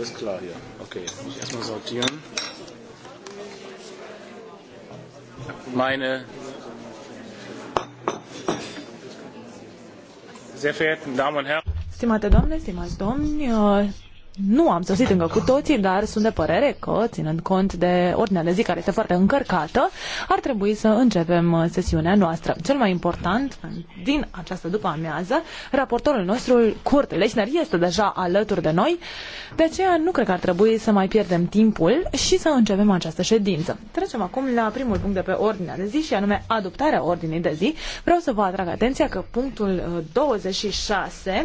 Alles klar hier. Okay, muss ich erstmal sortieren. Meine sehr verehrten Damen und Herren. Stimmate domne, stimați domni, nu am sosit încă cu toții, dar sunt de părere că, ținând cont de ordinea de zi care este foarte încărcată, ar trebui să începem uh, sesiunea noastră. Cel mai important din această după amiază, raportorul nostru, Kurt Lechner, este deja alături de noi, de aceea nu cred că ar trebui să mai pierdem timpul și să începem această ședință. Trecem acum la primul punct de pe ordinea de zi și anume adoptarea ordinii de zi. Vreau să vă atrag atenția că punctul 26 uh,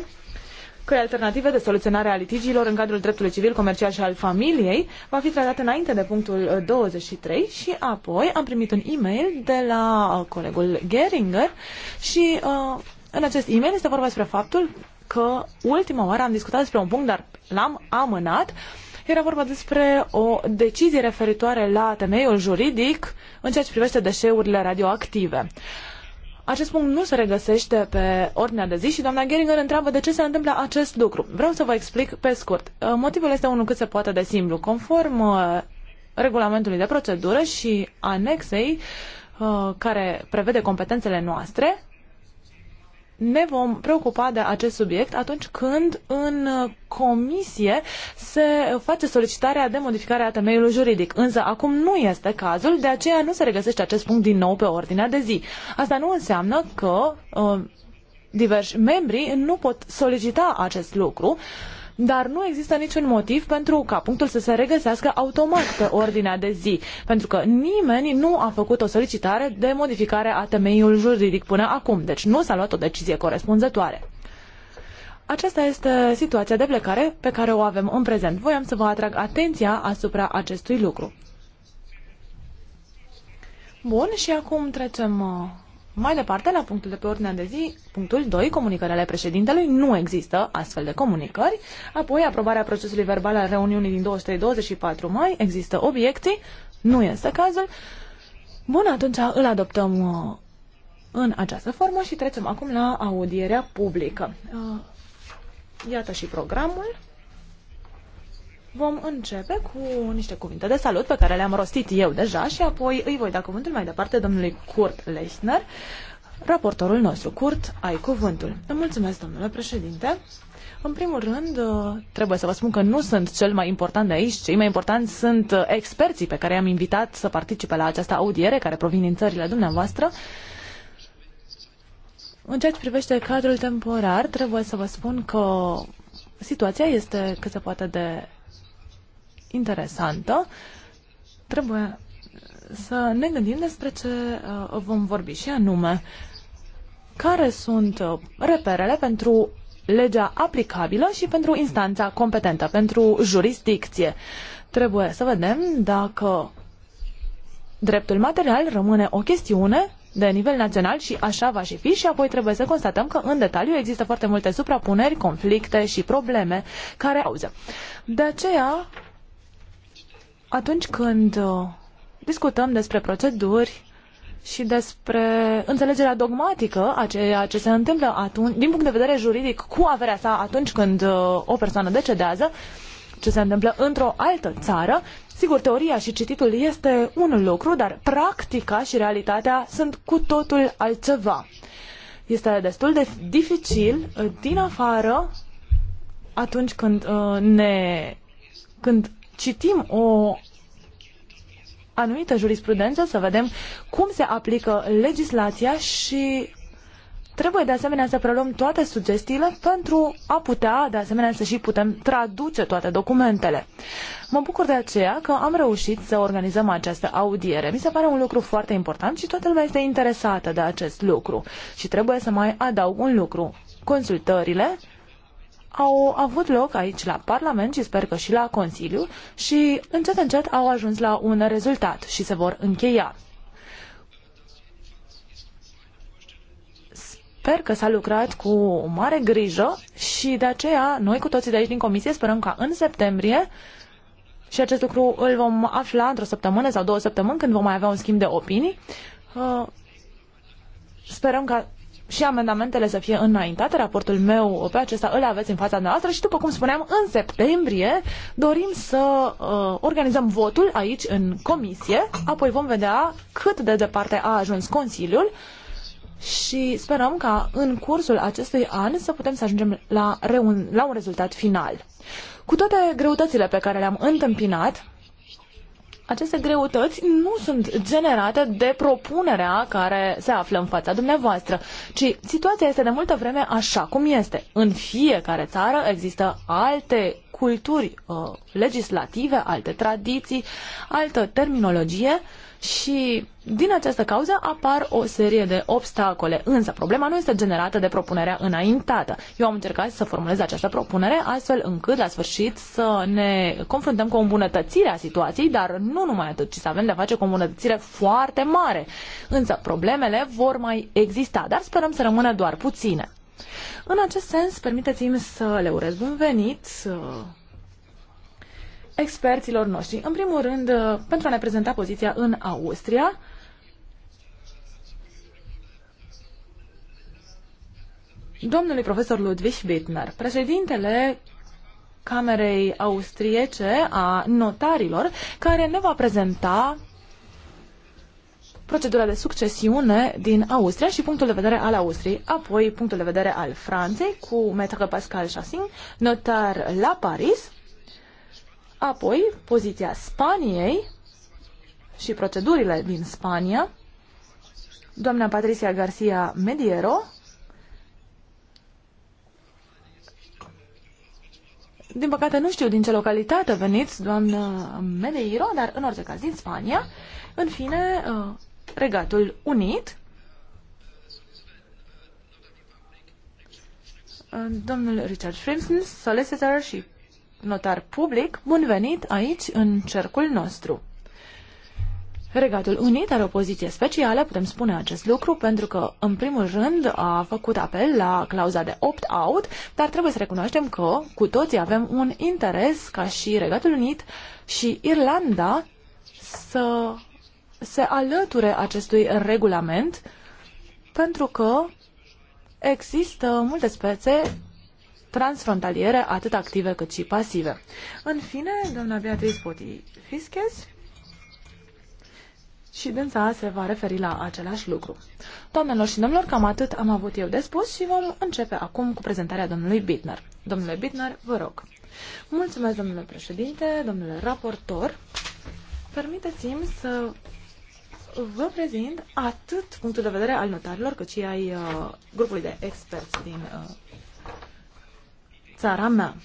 căi alternative de soluționare a litigiilor în cadrul dreptului civil, comercial și al familiei va fi tratat înainte de punctul 23 uh, și apoi am primit un e-mail de la uh, colegul Geringer și uh, în acest e-mail este vorba despre faptul că ultima oară am discutat despre un punct, dar l-am amânat. Era vorba despre o decizie referitoare la temeiul juridic în ceea ce privește deșeurile radioactive. Uh, acest punct nu se regăsește pe ordinea de zi și doamna Geringer întreabă de ce se întâmplă acest lucru. Vreau să vă explic pe scurt. Uh, motivul este unul cât se poate de simplu. Conform uh, regulamentului de procedură și anexei uh, care prevede competențele noastre, ne vom preocupa de acest subiect atunci când în comisie se face solicitarea de modificare a temeiului juridic. Însă acum nu este cazul, de aceea nu se regăsește acest punct din nou pe ordinea de zi. Asta nu înseamnă că uh, diversi membri nu pot solicita acest lucru. Uh, dar nu există niciun motiv pentru ca punctul să se regăsească automat pe ordinea de zi, pentru că nimeni nu a făcut o solicitare de modificare a temeiul juridic până acum, deci nu s-a luat o decizie corespunzătoare. Aceasta este situația de plecare pe care o avem în prezent. Voiam să vă atrag atenția asupra acestui lucru. Bun, și acum trecem uh, mai departe, la punctul de pe ordinea de zi, punctul 2, comunicări ale președintelui, nu există astfel de comunicări. Apoi, aprobarea procesului verbal al reuniunii din 23-24 mai, există obiecții, nu este cazul. Bun, atunci îl adoptăm uh, în această formă și trecem acum la audierea publică. Uh, iată și programul. Vom începe cu niște cuvinte de salut pe care le-am rostit eu deja și apoi îi voi da cuvântul mai departe domnului Kurt Lechner, raportorul nostru. Kurt, ai cuvântul. Mulțumesc, domnule președinte. În primul rând, trebuie să vă spun că nu sunt cel mai important de aici. Cei mai importanți sunt experții pe care i-am invitat să participe la această audiere, care provin din țările dumneavoastră. În ceea ce privește cadrul temporar, trebuie să vă spun că situația este cât se poate de interesantă. Trebuie să ne gândim despre ce uh, vom vorbi și anume care sunt uh, reperele pentru legea aplicabilă și pentru instanța competentă, pentru jurisdicție. Trebuie să vedem dacă dreptul material rămâne o chestiune de nivel național și așa va și fi și apoi trebuie să constatăm că în detaliu există foarte multe suprapuneri, conflicte și probleme care auză. De aceea atunci când uh, discutăm despre proceduri și despre înțelegerea dogmatică a ceea ce se întâmplă atunci, din punct de vedere juridic cu averea sa atunci când uh, o persoană decedează, ce se întâmplă într-o altă țară, sigur, teoria și cititul este un lucru, dar practica și realitatea sunt cu totul altceva. Este destul de dificil uh, din afară atunci când ne când citim o anumită jurisprudență, să vedem cum se aplică legislația și Trebuie de asemenea să preluăm toate sugestiile pentru a putea, de asemenea, să și putem traduce toate documentele. Mă bucur de aceea că am reușit să organizăm această audiere. Mi se pare un lucru foarte important și toată lumea este interesată de acest lucru. Și trebuie să mai adaug un lucru. Consultările au avut loc aici la Parlament și sper că și la Consiliu și încet încet au ajuns la un rezultat și se vor încheia. Sper că s-a lucrat cu mare grijă și de aceea noi cu toții de aici din comisie sperăm ca în septembrie și acest lucru îl vom afla într-o săptămână sau două săptămâni când vom mai avea un schimb de opinii. Uh, sperăm ca și amendamentele să fie înaintate. Raportul meu pe acesta îl aveți în fața noastră și, după cum spuneam, în septembrie dorim să uh, organizăm votul aici în comisie, apoi vom vedea cât de departe a ajuns Consiliul și sperăm ca în cursul acestui an să putem să ajungem la, reun- la un rezultat final. Cu toate greutățile pe care le-am întâmpinat, aceste greutăți nu sunt generate de propunerea care se află în fața dumneavoastră, ci situația este de multă vreme așa cum este. În fiecare țară există alte culturi uh, legislative, alte tradiții, altă terminologie uh, și din această cauză apar o serie de obstacole. Însă problema nu este generată de propunerea înaintată. Eu am încercat să formulez această propunere astfel încât la sfârșit să ne confruntăm cu o îmbunătățire a situației, dar nu numai atât, ci să avem de a face cu o îmbunătățire foarte mare. Însă problemele vor mai exista, dar sperăm să rămână doar puține. În acest sens, permiteți-mi să le urez bun venit experților noștri. În primul rând, uh, pentru a ne prezenta poziția în Austria, domnului profesor Ludwig Bittner, președintele Camerei Austriece a Notarilor, care ne va prezenta procedura de succesiune din Austria și punctul de vedere al Austriei, apoi punctul de vedere al Franței cu Maître Pascal Chassin, notar la Paris, Apoi, poziția Spaniei și procedurile din Spania, doamna Patricia Garcia Mediero, Din păcate nu știu din ce localitate veniți, doamnă Medeiro, dar în orice caz din Spania. În fine, uh, Regatul Unit. Uh, domnul Richard Frimson, solicitor și notar public, bun venit aici, în cercul nostru. Regatul Unit are o poziție specială, putem spune acest lucru, pentru că, în primul rând, a făcut apel la clauza de opt-out, dar trebuie să recunoaștem că cu toții avem un interes ca și Regatul Unit și Irlanda să se alăture acestui regulament, pentru că există multe spețe transfrontaliere, atât active cât și pasive. În fine, doamna Beatrice Poti Fisches și dânsa se va referi la același lucru. Doamnelor și domnilor, cam atât am avut eu de spus și vom începe acum cu prezentarea domnului Bittner. Domnule Bittner, vă rog. Mulțumesc, domnule președinte, domnule raportor. Permiteți-mi să vă prezint atât punctul de vedere al notarilor, cât și ai uh, grupului de experți din uh, țara mea.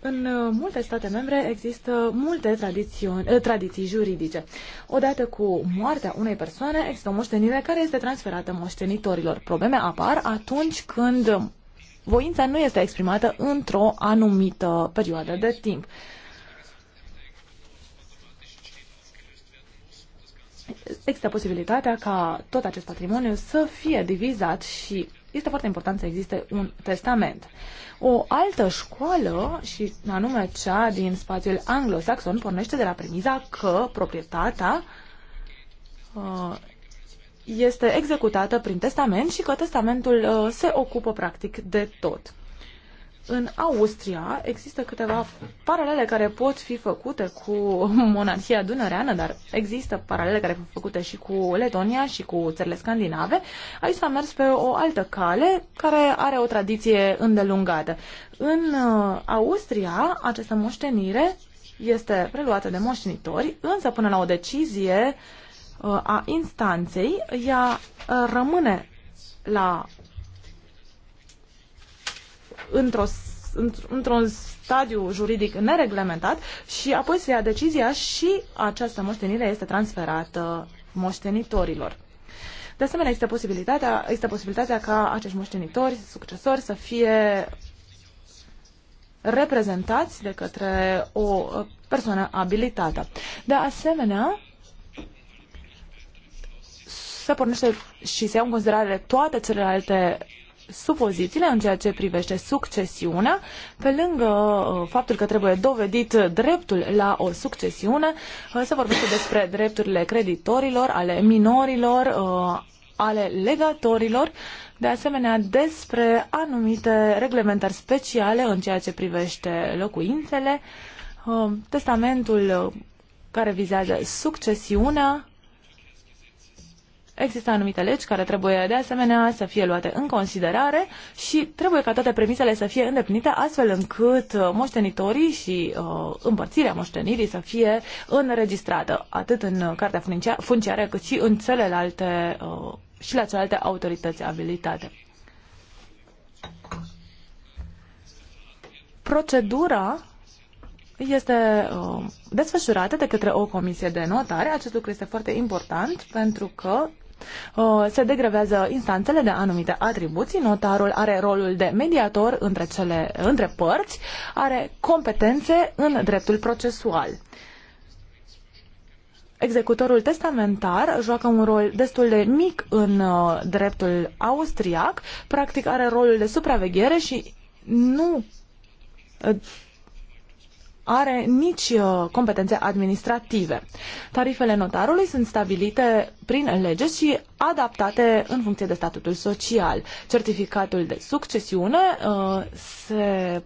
În uh, multe state membre există multe uh, tradiții, juridice. Odată cu moartea unei persoane există o moștenire care este transferată moștenitorilor. Probleme apar atunci când voința nu este exprimată într-o anumită perioadă de timp. Există posibilitatea ca tot acest patrimoniu să fie divizat și este foarte important să existe un testament. O altă școală, și anume cea din spațiul anglosaxon, pornește de la premiza că proprietatea uh, este executată prin testament și că testamentul uh, se ocupă practic de tot în Austria există câteva paralele care pot fi făcute cu monarhia dunăreană, dar există paralele care pot fi făcute și cu Letonia și cu țările scandinave. Aici s-a mers pe o altă cale care are o tradiție îndelungată. În uh, Austria, această moștenire este preluată de moștenitori, însă până la o decizie uh, a instanței, ea uh, rămâne la într-o într-un stadiu juridic nereglementat și apoi se ia decizia și această moștenire este transferată moștenitorilor. De asemenea, există posibilitatea, este posibilitatea ca acești moștenitori, succesori, să fie reprezentați de către o persoană abilitată. De asemenea, se pornește și se iau în considerare toate celelalte supozițiile în ceea ce privește succesiunea, pe lângă uh, faptul că trebuie dovedit dreptul la o succesiune, uh, se vorbește despre drepturile creditorilor, ale minorilor, uh, ale legatorilor, de asemenea despre anumite reglementări speciale în ceea ce privește locuințele, testamentul care vizează succesiunea, există anumite legi care trebuie de asemenea să fie luate în considerare și trebuie ca toate premisele să fie îndeplinite astfel încât uh, moștenitorii și uh, împărțirea moștenirii să fie înregistrată atât în cartea funciară cât și în celelalte uh, și la celelalte autorități abilitate. Procedura este uh, desfășurată de către o comisie de notare. Acest lucru este foarte important pentru că Uh, se degravează instanțele de anumite atribuții, notarul are rolul de mediator între, cele, între părți, are competențe în dreptul procesual. Executorul testamentar joacă un rol destul de mic în uh, dreptul austriac, practic are rolul de supraveghere și nu uh, are nici uh, competențe administrative. Tarifele notarului sunt stabilite prin lege și adaptate în funcție de statutul social. Certificatul de succesiune uh, se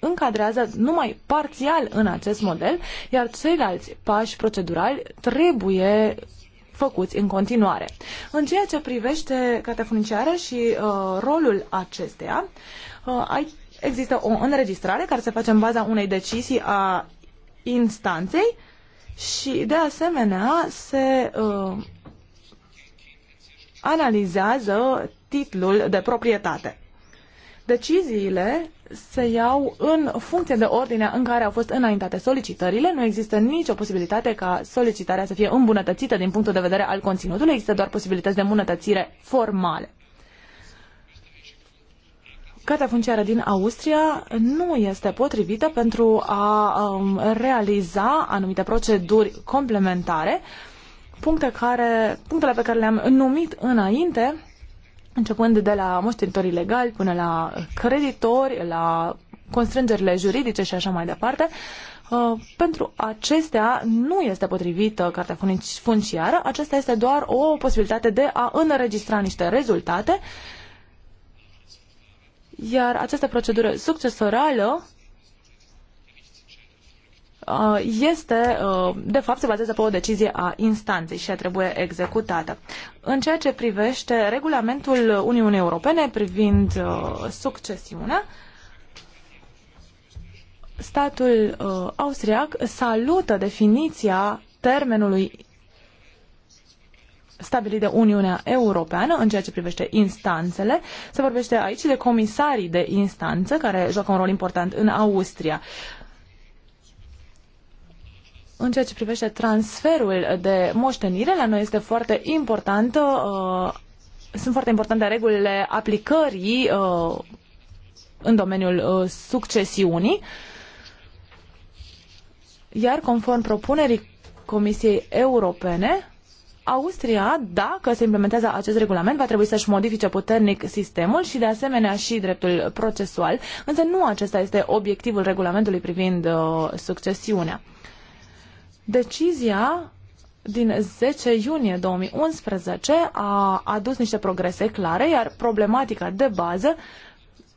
încadrează numai parțial în acest model, iar ceilalți pași procedurali trebuie făcuți în continuare. În ceea ce privește cartea funciară și uh, rolul acesteia, uh, există o înregistrare care se face în baza unei decizii a instanței și, de asemenea, se uh, analizează titlul de proprietate. Deciziile se iau în funcție de ordinea în care au fost înaintate solicitările. Nu există nicio posibilitate ca solicitarea să fie îmbunătățită din punctul de vedere al conținutului. Există doar posibilități de îmbunătățire formale. Cartea funciară din Austria nu este potrivită pentru a um, realiza anumite proceduri complementare, puncte care, punctele pe care le-am numit înainte, începând de la moștenitori legali până la creditori, la constrângerile juridice și așa mai departe, Uh, pentru acestea nu este potrivită cartea funciară, aceasta este doar o posibilitate de a înregistra niște rezultate iar această procedură succesorală uh, este, uh, de fapt, se bazează pe o decizie a instanței și a trebuie executată. În ceea ce privește regulamentul Uniunii Europene privind uh, succesiunea, statul austriac salută definiția termenului stabilit de Uniunea Europeană în ceea ce privește instanțele. Se vorbește aici de comisarii de instanță care joacă un rol important în Austria. În ceea ce privește transferul de moștenire, la noi este foarte important, uh, sunt foarte importante regulile aplicării uh, în domeniul uh, succesiunii. Iar conform propunerii Comisiei Europene, Austria, dacă se implementează acest regulament, va trebui să-și modifice puternic sistemul și de asemenea și dreptul procesual, însă nu acesta este obiectivul regulamentului privind uh, succesiunea. Decizia din 10 iunie 2011 a adus niște progrese clare, iar problematica de bază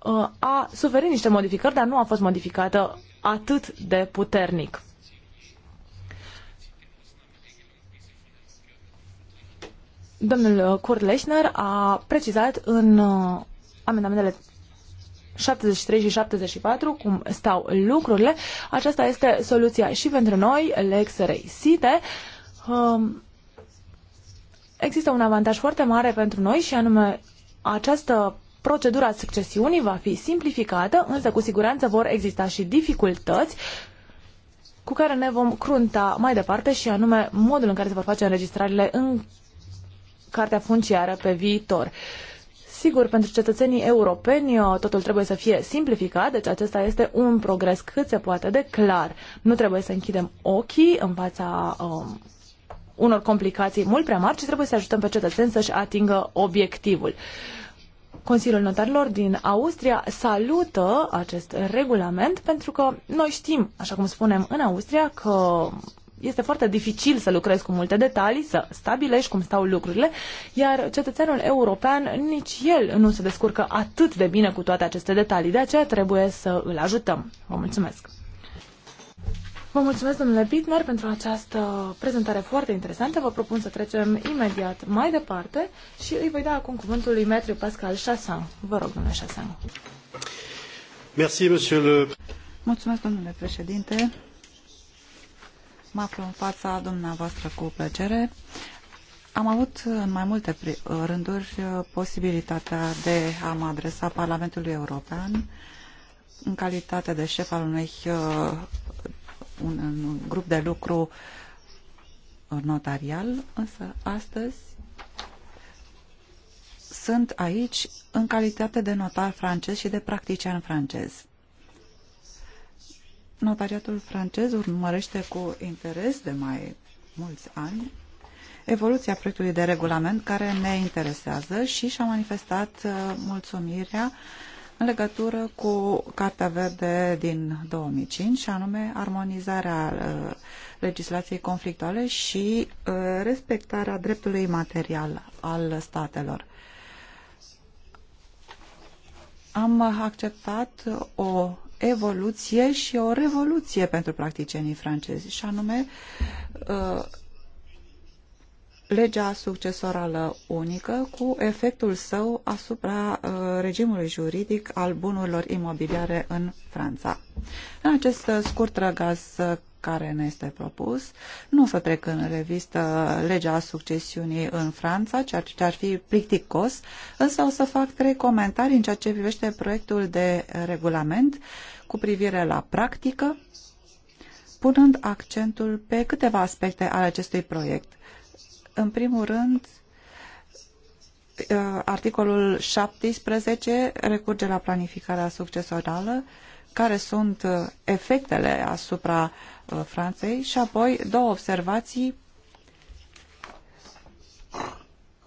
uh, a suferit niște modificări, dar nu a fost modificată atât de puternic. Domnul Kurleșner uh, a precizat în uh, amendamentele 73 și 74, cum stau lucrurile. Aceasta este soluția și pentru noi, Lex Reisite. Um, există un avantaj foarte mare pentru noi și anume această procedură a succesiunii va fi simplificată, însă cu siguranță vor exista și dificultăți cu care ne vom crunta mai departe și anume modul în care se vor face înregistrările în cartea funciară pe viitor. Sigur, pentru cetățenii europeni uh, totul trebuie să fie simplificat, deci acesta este un progres cât se poate de clar. Nu trebuie să închidem ochii în fața um, unor complicații mult prea mari, ci trebuie să ajutăm pe cetățeni să-și atingă obiectivul. Consiliul Notarilor din Austria salută acest regulament pentru că noi știm, așa cum spunem în Austria, că este foarte dificil să lucrezi cu multe detalii, să stabilești cum stau lucrurile, iar cetățeanul european, nici el nu se descurcă atât de bine cu toate aceste detalii, de aceea trebuie să îl ajutăm. Vă mulțumesc! Vă mulțumesc, domnule Bitner, pentru această prezentare foarte interesantă. Vă propun să trecem imediat mai departe și îi voi da acum cuvântul lui Matthew Pascal Chassin. Vă rog, domnule Chassin. Merci, monsieur le... Mulțumesc, domnule președinte. Mă aflu în fața dumneavoastră cu plăcere. Am avut în mai multe rânduri uh, posibilitatea de a mă adresa Parlamentului European în calitate de șef al unui uh, un, un grup de lucru uh, notarial, însă astăzi sunt aici în calitate de notar francez și de practician francez. Notariatul francez urmărește cu interes de mai mulți ani evoluția proiectului de regulament care ne interesează și și-a manifestat uh, mulțumirea în legătură cu Cartea Verde din 2005 și anume armonizarea uh, legislației conflictuale și uh, respectarea dreptului material al statelor. Am acceptat o evoluție și o revoluție pentru practicienii francezi, și anume uh, legea succesorală unică cu efectul său asupra uh, regimului juridic al bunurilor imobiliare în Franța. În acest scurt răgaz care ne este propus. Nu să trec în revistă legea succesiunii în Franța, ceea ce ar fi plicticos, însă o să fac trei comentarii în ceea ce privește proiectul de regulament cu privire la practică, punând accentul pe câteva aspecte ale acestui proiect. În primul rând, uh, articolul 17 recurge la planificarea succesorală, care sunt uh, efectele asupra uh, Franței și apoi două observații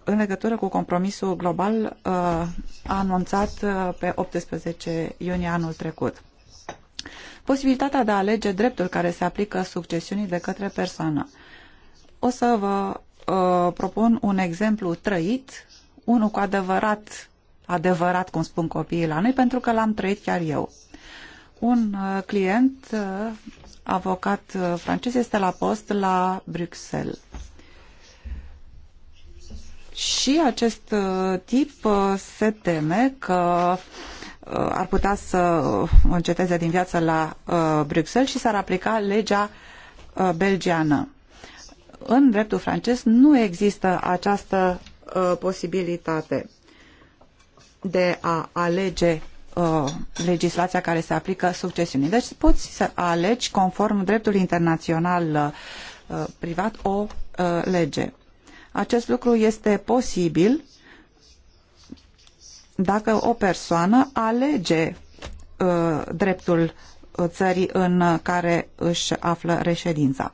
în legătură cu compromisul global uh, anunțat pe 18 iunie anul trecut. Posibilitatea de a alege dreptul care se aplică succesiunii de către persoană. O să vă uh, propun un exemplu trăit, unul cu adevărat, adevărat, cum spun copiii la noi, pentru că l-am trăit chiar eu. Un uh, client uh, avocat uh, francez este la post la Bruxelles. Și acest tip se teme că ar putea să înceteze din viață la Bruxelles și s-ar aplica legea belgiană. În dreptul francez nu există această posibilitate de a alege Uh, legislația care se aplică succesiunii. Deci poți să alegi, conform dreptului internațional uh, privat, o uh, lege. Acest lucru este posibil dacă o persoană alege dreptul țării în care își află reședința.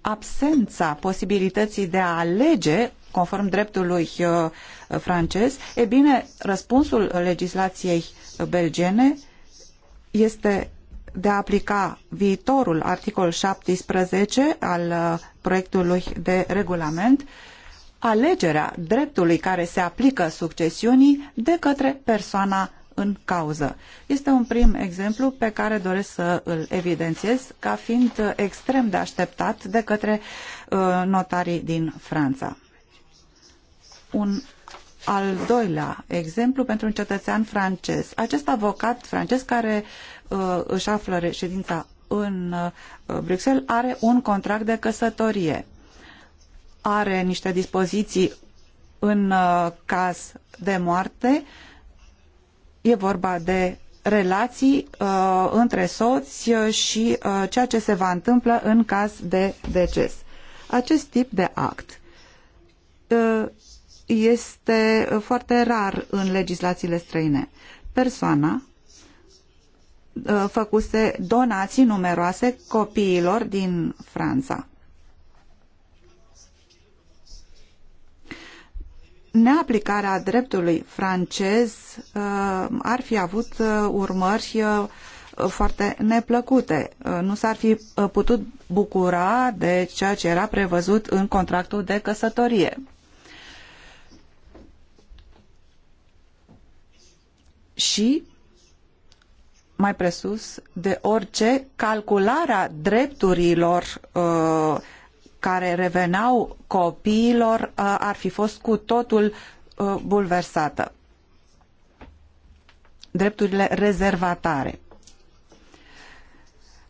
Absența posibilității de a alege conform dreptului uh, francez, e bine, răspunsul legislației belgene este de a aplica viitorul articol 17 al uh, proiectului de regulament alegerea dreptului care se aplică succesiunii de către persoana în cauză. Este un prim exemplu pe care doresc să îl evidențiez ca fiind uh, extrem de așteptat de către notarii din Franța un al doilea exemplu pentru un cetățean francez. Acest avocat francez care uh, își află reședința în uh, Bruxelles are un contract de căsătorie. Are niște dispoziții în uh, caz de moarte. E vorba de relații uh, între soți uh, și uh, ceea ce se va întâmpla în caz de deces. Acest tip de act uh, este foarte rar în legislațiile străine. Persoana uh, făcuse donații numeroase copiilor din Franța. Neaplicarea dreptului francez uh, ar fi avut uh, urmări foarte neplăcute. Nu s-ar fi putut bucura de ceea ce era prevăzut în contractul de căsătorie. și mai presus de orice calcularea drepturilor uh, care reveneau copiilor uh, ar fi fost cu totul uh, bulversată. Drepturile rezervatare.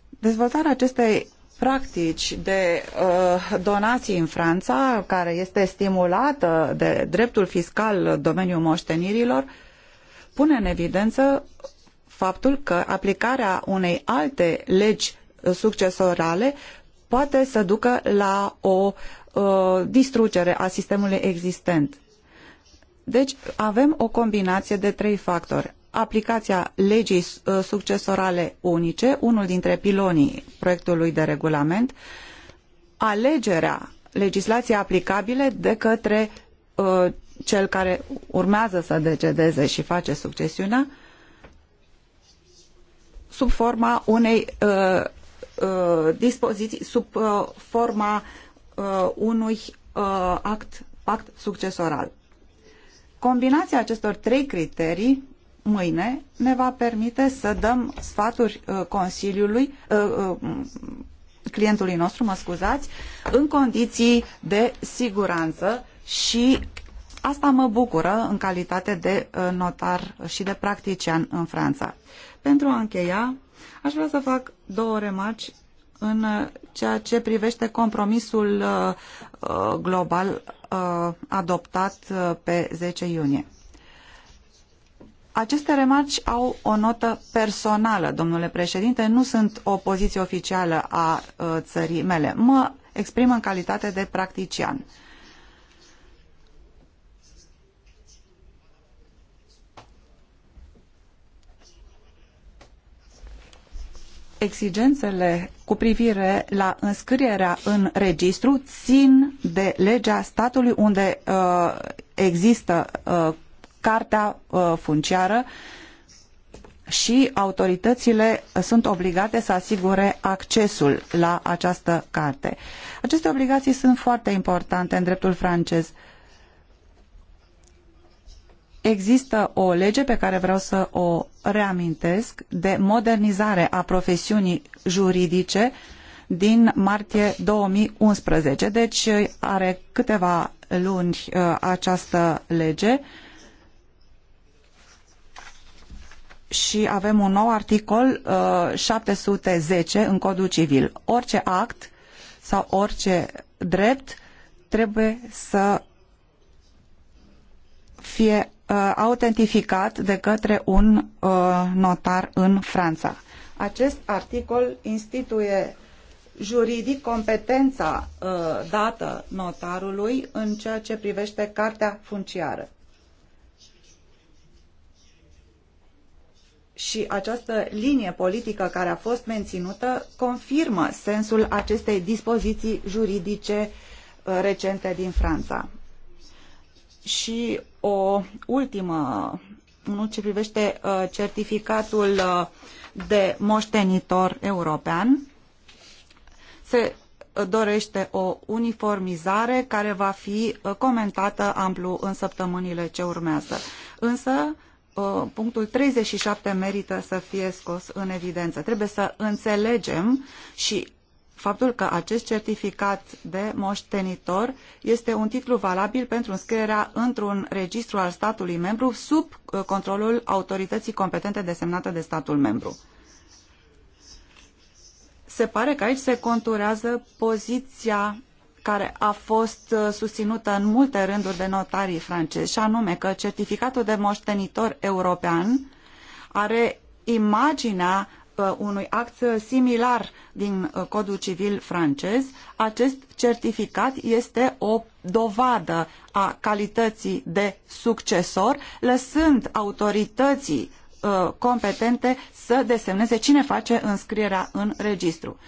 Dezvoltarea acestei practici de uh, donații în Franța, care este stimulată de dreptul fiscal domeniul moștenirilor, uh, pune în evidență faptul că aplicarea unei alte legi succesorale poate să ducă la o uh, distrugere a sistemului existent. Deci avem o combinație de trei factori. Aplicația legii uh, succesorale unice, unul dintre pilonii proiectului de regulament, alegerea legislației aplicabile de către uh, cel care urmează să decedeze și face succesiunea sub forma unei uh, uh, dispoziții, sub uh, forma uh, unui uh, act, act succesoral. Combinația acestor trei criterii mâine ne va permite să dăm sfaturi uh, Consiliului, clientului nostru, mă scuzați, în condiții de siguranță și Asta mă bucură în calitate de uh, notar și de practician în Franța. Pentru a încheia, aș vrea să fac două remarci în uh, ceea ce privește compromisul uh, global adoptat pe 10 iunie. Aceste remarci au o notă personală, domnule președinte, nu sunt o poziție oficială a țării mele. Mă exprim în calitate de practician. exigențele cu privire la înscrierea în registru țin de legea statului unde uh, există uh, cartea uh, funciară și autoritățile sunt obligate să asigure accesul la această carte. Aceste obligații sunt foarte importante în dreptul francez. Uh, Există o lege pe care vreau să o reamintesc de modernizare a profesiunii juridice din martie 2011. Deci are câteva luni uh, această lege și avem un nou articol 710 uh, în codul civil. Orice act sau orice drept trebuie să fie Uh, autentificat de către un uh, notar în Franța. Acest articol instituie juridic competența uh, dată notarului în ceea ce privește cartea funciară. și această linie politică care a fost menținută confirmă sensul acestei dispoziții juridice recente din Franța. Și o ultimă în ce privește uh, certificatul uh, de moștenitor european. Se uh, dorește o uniformizare care va fi comentată amplu în săptămânile ce urmează. Însă, punctul 37 merită să fie scos în evidență. Trebuie să înțelegem și faptul că acest certificat de moștenitor este un titlu valabil pentru înscrierea într-un registru al statului membru sub uh, controlul autorității competente desemnate de statul membru. Se pare că aici se conturează poziția care a fost uh, susținută în multe rânduri de notarii francezi, și anume că certificatul de moștenitor european are imaginea Uh, unui act similar din uh, codul civil francez, acest certificat este o dovadă a calității de succesor, lăsând autorității uh, competente să desemneze cine face înscrierea în registru.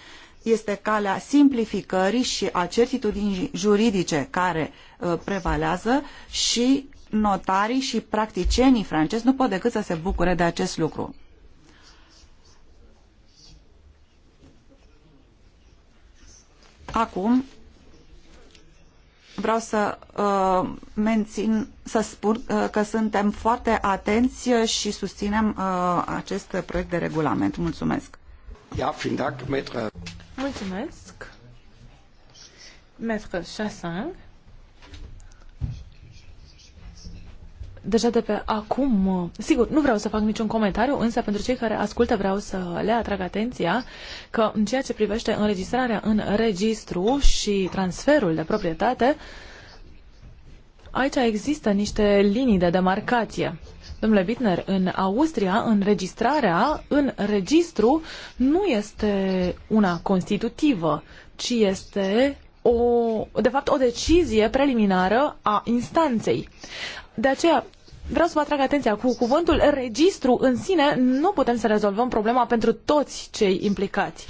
Este calea simplificării și a certitudinii juridice care prevalează și notarii și practicienii francezi nu pot decât să se bucure de acest lucru. Acum vreau să uh, mențin, să spun uh, că suntem foarte atenți și susținem uh, acest proiect de regulament. Mulțumesc! Ja, vielen Dank, Mulțumesc! Maître Chassin. deja de pe acum, uh, sigur, nu vreau să fac niciun comentariu, însă pentru cei care ascultă vreau să le atrag atenția că în ceea ce privește înregistrarea în registru și transferul de proprietate, aici există niște linii de demarcație. Domnule Bittner, în Austria, înregistrarea în registru nu este una constitutivă, ci este o, de fapt, o decizie preliminară a instanței. De aceea, Vreau să vă atrag atenția cu cuvântul registru în sine nu putem să rezolvăm problema pentru toți cei implicați.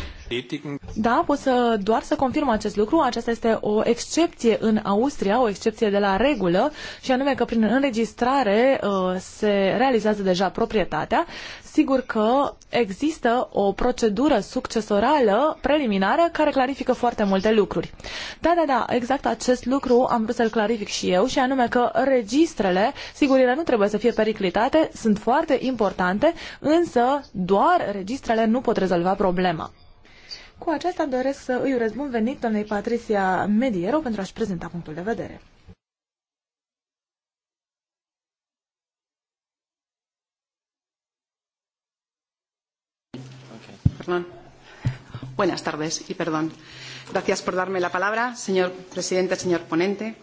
Da, pot să doar să confirm acest lucru. Aceasta este o excepție în Austria, o excepție de la regulă, și anume că prin înregistrare uh, se realizează deja proprietatea. Sigur că există o procedură succesorală preliminară care clarifică foarte multe lucruri. Da, da, da, exact acest lucru am vrut să-l clarific și eu, și anume că registrele, sigur, ele nu trebuie să fie periclitate, sunt foarte importante, însă doar registrele nu pot rezolva problema. Cu aceasta doresc să îi urez bun venit doamnei Patricia Mediero pentru a-și prezenta punctul de vedere. Perdón. Buenas tardes y perdón. Gracias por darme la palabra, señor presidente, señor ponente.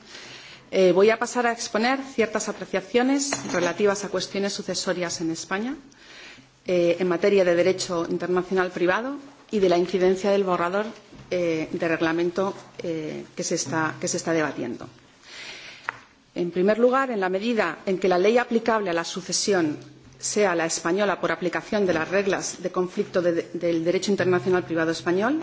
Eh, voy a pasar a exponer ciertas apreciaciones relativas a cuestiones sucesorias en España eh, en materia de derecho internacional privado y de la incidencia del borrador eh, de reglamento eh, que, se está, que se está debatiendo. En primer lugar, en la medida en que la ley aplicable a la sucesión sea la española por aplicación de las reglas de conflicto de, de, del derecho internacional privado español,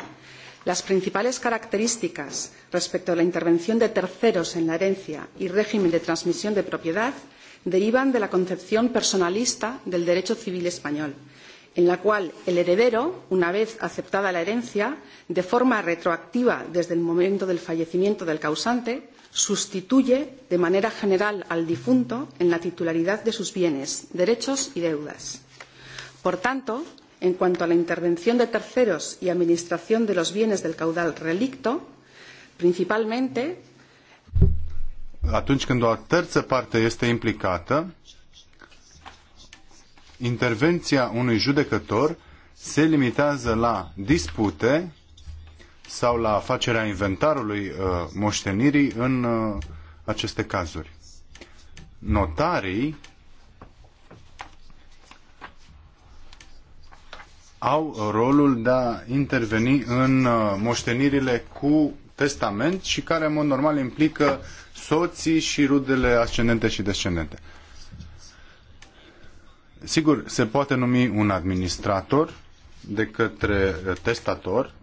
las principales características respecto a la intervención de terceros en la herencia y régimen de transmisión de propiedad derivan de la concepción personalista del derecho civil español, en la cual el heredero, una vez aceptada la herencia, de forma retroactiva desde el momento del fallecimiento del causante, sustituye de manera general al difunto en la titularidad de sus bienes, derechos y deudas. Por tanto, en cuanto a la intervención de terceros y administración de los bienes del caudal relicto, principalmente. Atunci când o terță parte este implicată, intervenția unui judecător se limitează la dispute sau la facerea inventarului uh, moștenirii în uh, aceste cazuri. Notarii au rolul de a interveni în uh, moștenirile cu testament și care în mod normal implică soții și rudele ascendente și descendente. Sigur, se poate numi un administrator de către eh, testator,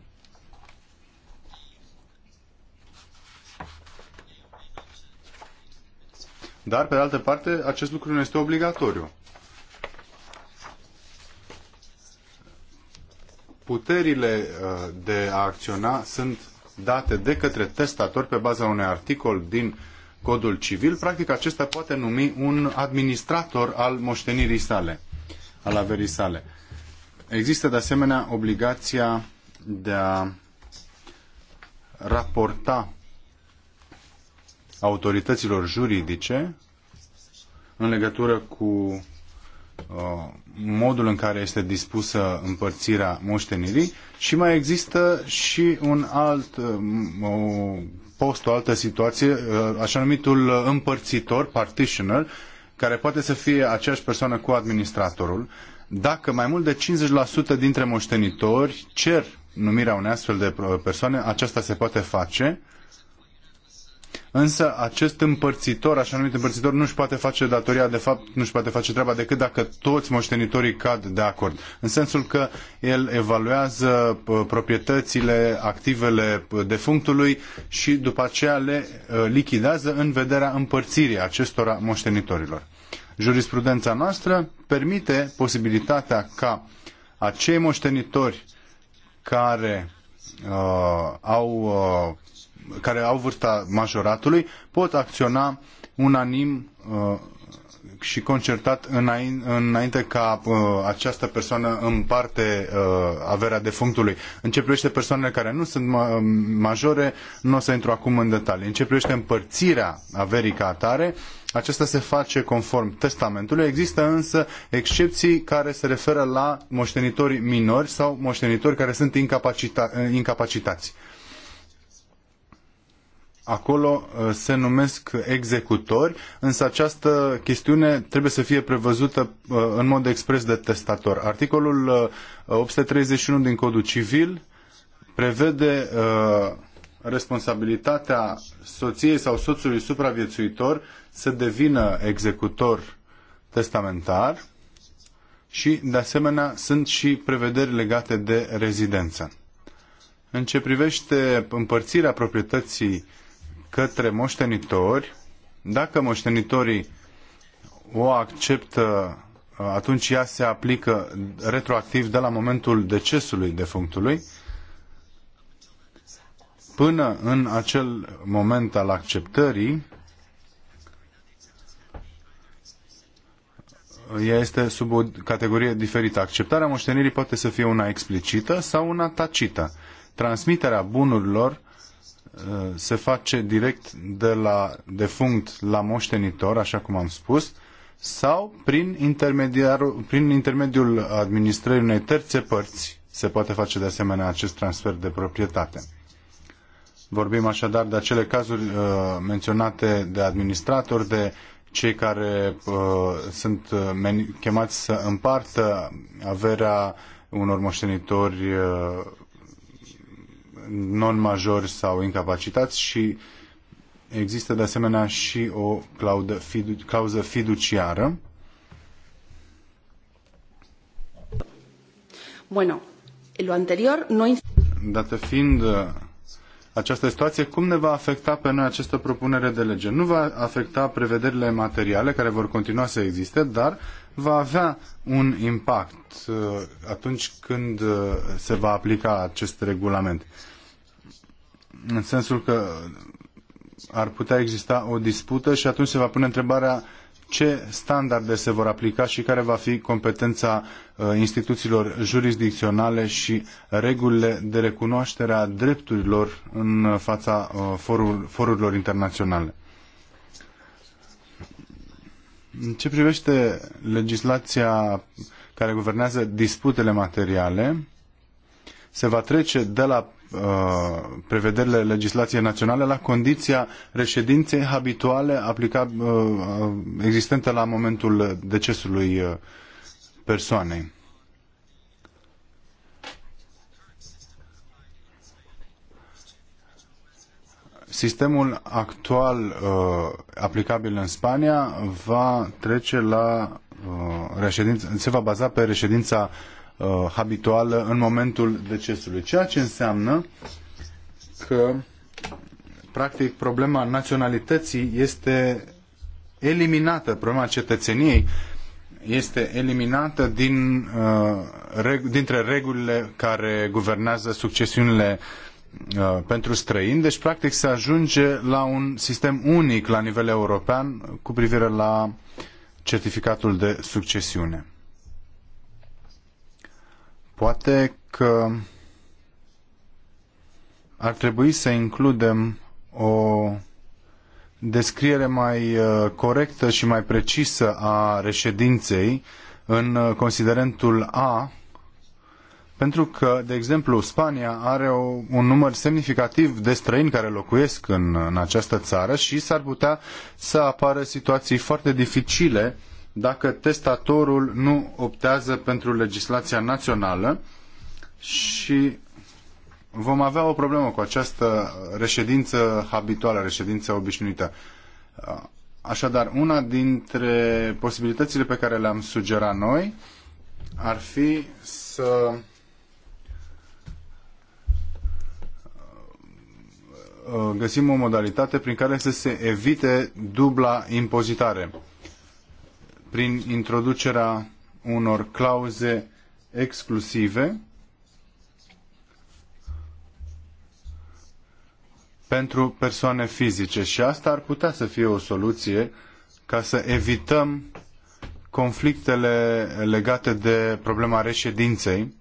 Dar, pe de altă parte, acest lucru nu este obligatoriu. Puterile eh, de a acționa sunt date de către testator pe baza unui articol din codul civil, practic acesta poate numi un administrator al moștenirii sale, al averii sale. Există de asemenea obligația de a raporta autorităților juridice în legătură cu Uh, modul în care este dispusă împărțirea moștenirii și mai există și un alt uh, post, o altă situație, uh, așa numitul împărțitor, partitioner, care poate să fie aceeași persoană cu administratorul, dacă mai mult de 50% dintre moștenitori cer numirea unei astfel de persoane, aceasta se poate face Însă acest împărțitor, așa numit împărțitor, nu-și poate face datoria, de fapt, nu-și poate face treaba decât dacă toți moștenitorii cad de acord. În sensul că el evaluează uh, proprietățile, activele uh, defunctului și după aceea le uh, lichidează în vederea împărțirii acestora moștenitorilor. Jurisprudența noastră permite posibilitatea ca acei moștenitori care uh, au uh, care au vârsta majoratului pot acționa unanim uh, și concertat înainte ca uh, această persoană în parte uh, averea defunctului. În ce privește persoanele care nu sunt ma majore, nu o să intru acum în detalii. În ce privește împărțirea averii ca atare, Aceasta se face conform testamentului. Există însă excepții care se referă la moștenitori minori sau moștenitori care sunt incapacita- incapacitați acolo uh, se numesc executori, însă această chestiune trebuie să fie prevăzută uh, în mod expres de testator. Articolul 831 uh, din Codul Civil prevede responsabilitatea soției sau soțului supraviețuitor să devină executor testamentar și, de asemenea, sunt și prevederi legate de rezidență. În ce privește împărțirea proprietății către moștenitori, dacă moștenitorii o acceptă, atunci ea se aplică retroactiv de la momentul decesului defunctului până în acel moment al acceptării ea este sub o categorie diferită. Acceptarea moștenirii poate să fie una explicită sau una tacită. Transmiterea bunurilor Eh, se face direct de la defunct la moștenitor, așa cum am spus, sau prin, intermediarul, prin intermediul administrării unei terțe părți se poate face de asemenea acest transfer de proprietate. Vorbim așadar de acele cazuri uh, menționate de administratori, de cei care uh, sunt chemați să împartă averea unor moștenitori uh, non-majori sau incapacitați și există de asemenea și o cauză fidu, clauză fiduciară. Bueno, lo anterior no... Dată fiind uh, această situație, cum ne va afecta pe noi această propunere de lege? Nu va afecta prevederile materiale care vor continua să existe, dar va avea un impact uh, atunci când uh, se va aplica acest regulament în sensul că ar putea exista o dispută și atunci se va pune întrebarea ce standarde se vor aplica și care va fi competența uh, instituțiilor jurisdicționale și regulile de recunoaștere a drepturilor în fața uh, forurilor internaționale. În ce privește legislația care guvernează disputele materiale, se va trece de la Uh, prevederile legislației naționale la condiția reședinței habituale aplica, uh, uh existente la momentul decesului uh, persoanei. Sistemul actual uh, aplicabil în Spania va trece la uh, reședință, se va baza pe reședința uh, uh, habituală în momentul decesului. Ceea ce înseamnă că, practic, problema naționalității este eliminată, problema cetățeniei este eliminată din, uh, reg dintre regulile care guvernează succesiunile uh, pentru străini, deci practic se ajunge la un sistem unic la nivel european cu privire la certificatul de succesiune. Poate că ar trebui să includem o descriere mai uh, corectă și mai precisă a reședinței în uh, considerentul A, pentru că, de exemplu, Spania are o, un număr semnificativ de străini care locuiesc în, în această țară și s-ar putea să apară situații foarte dificile uh, dacă testatorul nu optează pentru legislația națională și vom avea o problemă cu această reședință habituală, reședință obișnuită. Așadar, una dintre posibilitățile pe care le-am sugerat noi ar fi să uh, găsim o modalitate prin care să se evite dubla impozitare prin introducerea unor clauze exclusive pentru persoane fizice și asta ar putea să fie o soluție ca să evităm conflictele legate de problema reședinței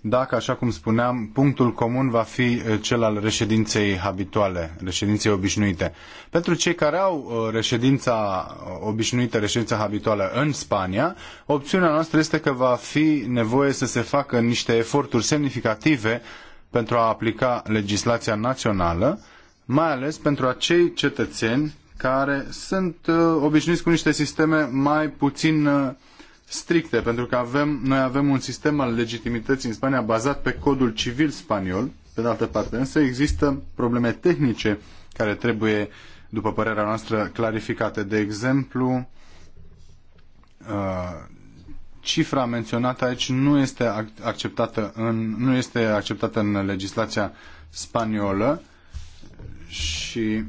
dacă, așa cum spuneam, punctul comun va fi eh, cel al reședinței habituale, reședinței obișnuite. Pentru cei care au eh, reședința eh, obișnuită, reședința habituală în Spania, opțiunea noastră este că va fi nevoie să se facă niște eforturi semnificative pentru a aplica legislația națională, mai ales pentru acei cetățeni care sunt obișnuiți cu niște sisteme mai puțin stricte, pentru că avem, noi avem un sistem al legitimității în Spania bazat pe codul civil spaniol, pe de altă parte, însă există probleme tehnice care trebuie, după părerea noastră, clarificate. De exemplu, uh, cifra menționată aici nu este acceptată în, nu este acceptată în legislația spaniolă și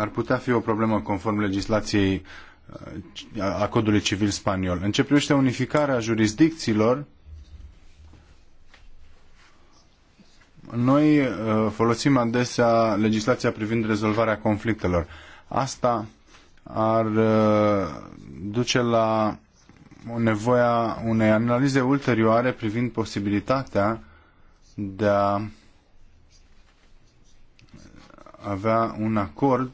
ar putea fi o problemă conform legislației uh, a codului civil spaniol. În ce privește unificarea jurisdicțiilor, noi uh, folosim adesea legislația privind rezolvarea conflictelor. Asta ar uh, duce la nevoia unei analize ulterioare privind posibilitatea de a avea un acord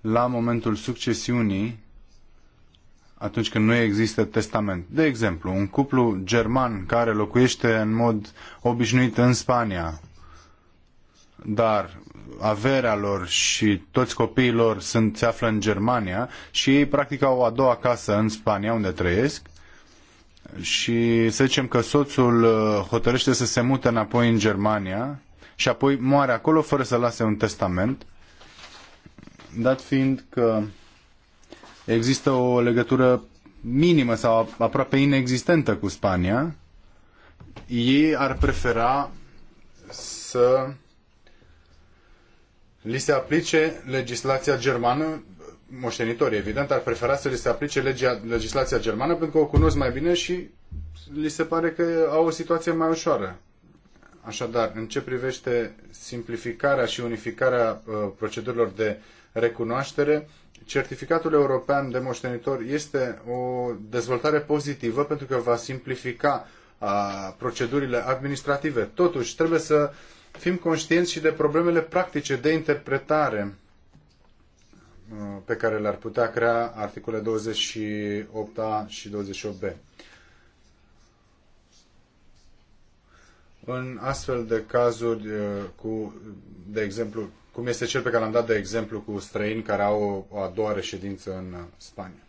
la momentul succesiunii atunci când nu există testament. De exemplu, un cuplu german care locuiește în mod obișnuit în Spania, dar averea lor și toți copiii lor sunt, se află în Germania și ei practic au a doua casă în Spania unde trăiesc și să zicem că soțul uh, hotărăște să se mute înapoi în Germania și apoi moare acolo fără să lase un testament, dat fiind că există o legătură minimă sau aproape inexistentă cu Spania, ei ar prefera să li se aplice legislația germană, moștenitori, evident, ar prefera să li se aplice legea, legislația germană pentru că o cunosc mai bine și li se pare că au o situație mai ușoară. Așadar, în ce privește simplificarea și unificarea uh, procedurilor de uh, recunoaștere. Certificatul european de moștenitor este o dezvoltare pozitivă pentru că va simplifica procedurile administrative. Totuși, trebuie să fim conștienți și de problemele practice de interpretare pe care le-ar putea crea articole 28a și 28b. în astfel de cazuri uh, cu, de exemplu, cum este cel pe care l-am dat de exemplu cu străini care au o, o a doua reședință în uh, Spania.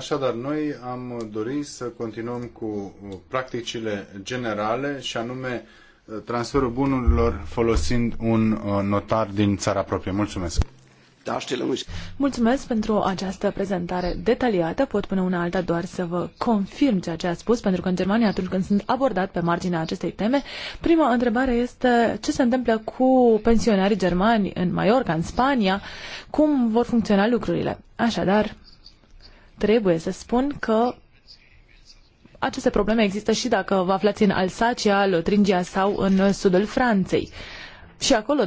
Așadar, noi am dorit să continuăm cu practicile generale și anume uh, transferul bunurilor folosind un uh, notar din țara proprie. Mulțumesc! Da, Mulțumesc pentru această prezentare detaliată. Pot până una alta doar să vă confirm ceea ce ați spus, pentru că în Germania, atunci când sunt abordat pe marginea acestei teme, prima întrebare este ce se întâmplă cu pensionarii germani în Mallorca, în Spania, cum vor funcționa lucrurile. Așadar, trebuie să spun că aceste probleme există și dacă vă aflați în Alsacia, Lotringia sau în sudul Franței. Și acolo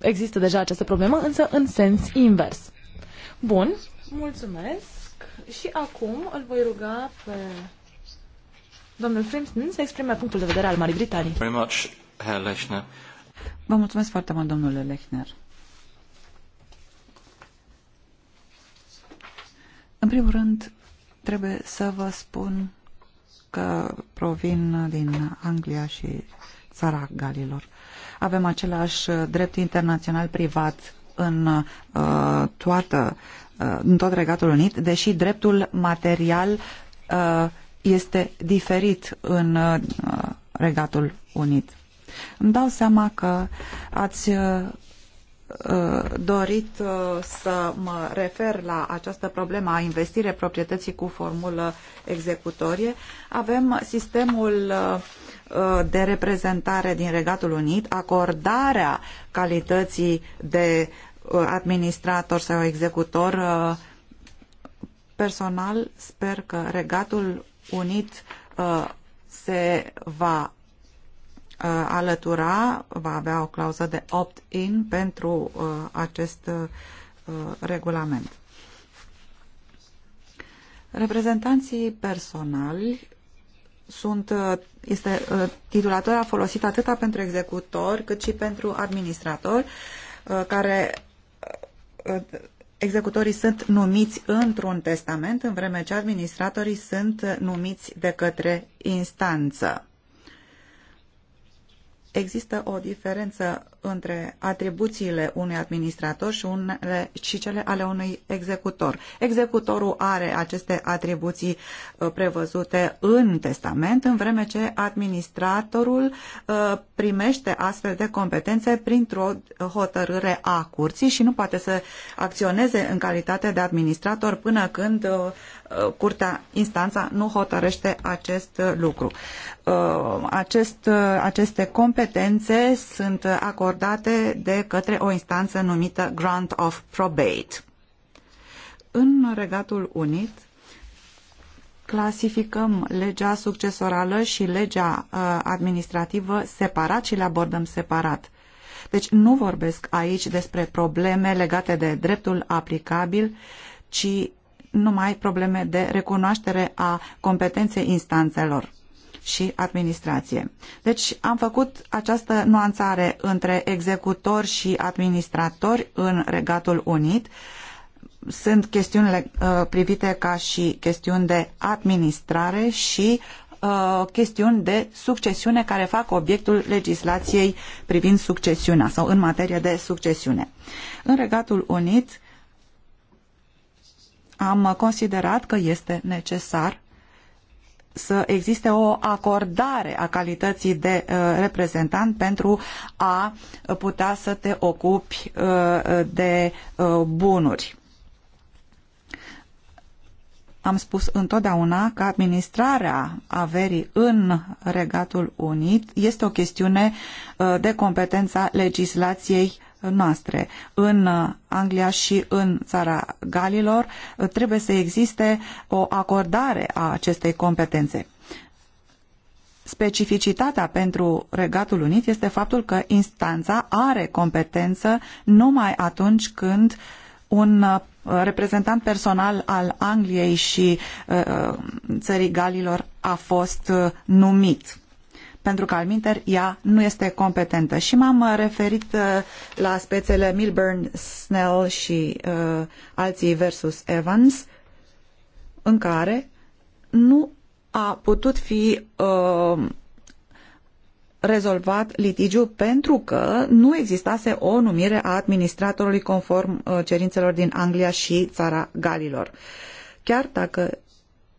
există deja această problemă, însă în sens invers. Bun, mulțumesc. Și acum îl voi ruga pe domnul Frimston să exprime punctul de vedere al Marii Britanii. Vă mulțumesc foarte mult, domnule Lechner. În primul rând, trebuie să vă spun că provin din Anglia și țara Galilor. Avem același drept internațional privat în uh, toată uh, în tot Regatul Unit, deși dreptul material uh, este diferit în uh, Regatul Unit. Îmi dau seama că ați uh, Uh, dorit uh, să mă refer la această problemă a investire proprietății cu formulă executorie. Avem sistemul uh, de reprezentare din Regatul Unit, acordarea calității de administrator sau executor personal. Sper că Regatul Unit se va Uh, alătura, va avea o clauză de opt-in pentru uh, acest uh, regulament. Reprezentanții personali sunt, este titulatura folosită atât pentru executor, cât și pentru administrator, care executorii sunt numiți într-un testament, în vreme ce administratorii sunt numiți de către instanță există o diferență între atribuțiile unui administrator și, unele, și cele ale unui executor. Executorul are aceste atribuții uh, prevăzute în testament, în vreme ce administratorul uh, primește astfel de competențe printr-o hotărâre a curții și nu poate să acționeze în calitate de administrator până când uh, curtea, instanța nu hotărăște acest lucru. Acest, aceste competențe sunt acordate acordate de către o instanță numită Grant of Probate. În Regatul Unit clasificăm legea succesorală și legea uh, administrativă separat și le abordăm separat. Deci nu vorbesc aici despre probleme legate de dreptul aplicabil, ci numai probleme de recunoaștere a competenței instanțelor și administrație. Deci am făcut această nuanțare între executori și administratori în Regatul Unit. Sunt chestiunile uh, privite ca și chestiuni de administrare și uh, chestiuni de succesiune care fac obiectul legislației privind succesiunea sau în materie de succesiune. În Regatul Unit am considerat că este necesar să existe o acordare a calității de uh, reprezentant pentru a putea să te ocupi uh, de uh, bunuri. Am spus întotdeauna că administrarea averii în Regatul Unit este o chestiune de competența legislației noastre. În uh, Anglia și în țara Galilor uh, trebuie să existe o acordare a acestei competențe. Specificitatea pentru Regatul Unit este faptul că instanța are competență numai atunci când un uh, reprezentant personal al Angliei și țării Galilor a fost numit pentru că alminter ea nu este competentă. Și m-am uh, referit uh, la spețele Milburn, Snell și uh, alții versus Evans, în care nu a putut fi uh, rezolvat litigiul pentru că nu existase o numire a administratorului conform uh, cerințelor din Anglia și țara Galilor. Chiar dacă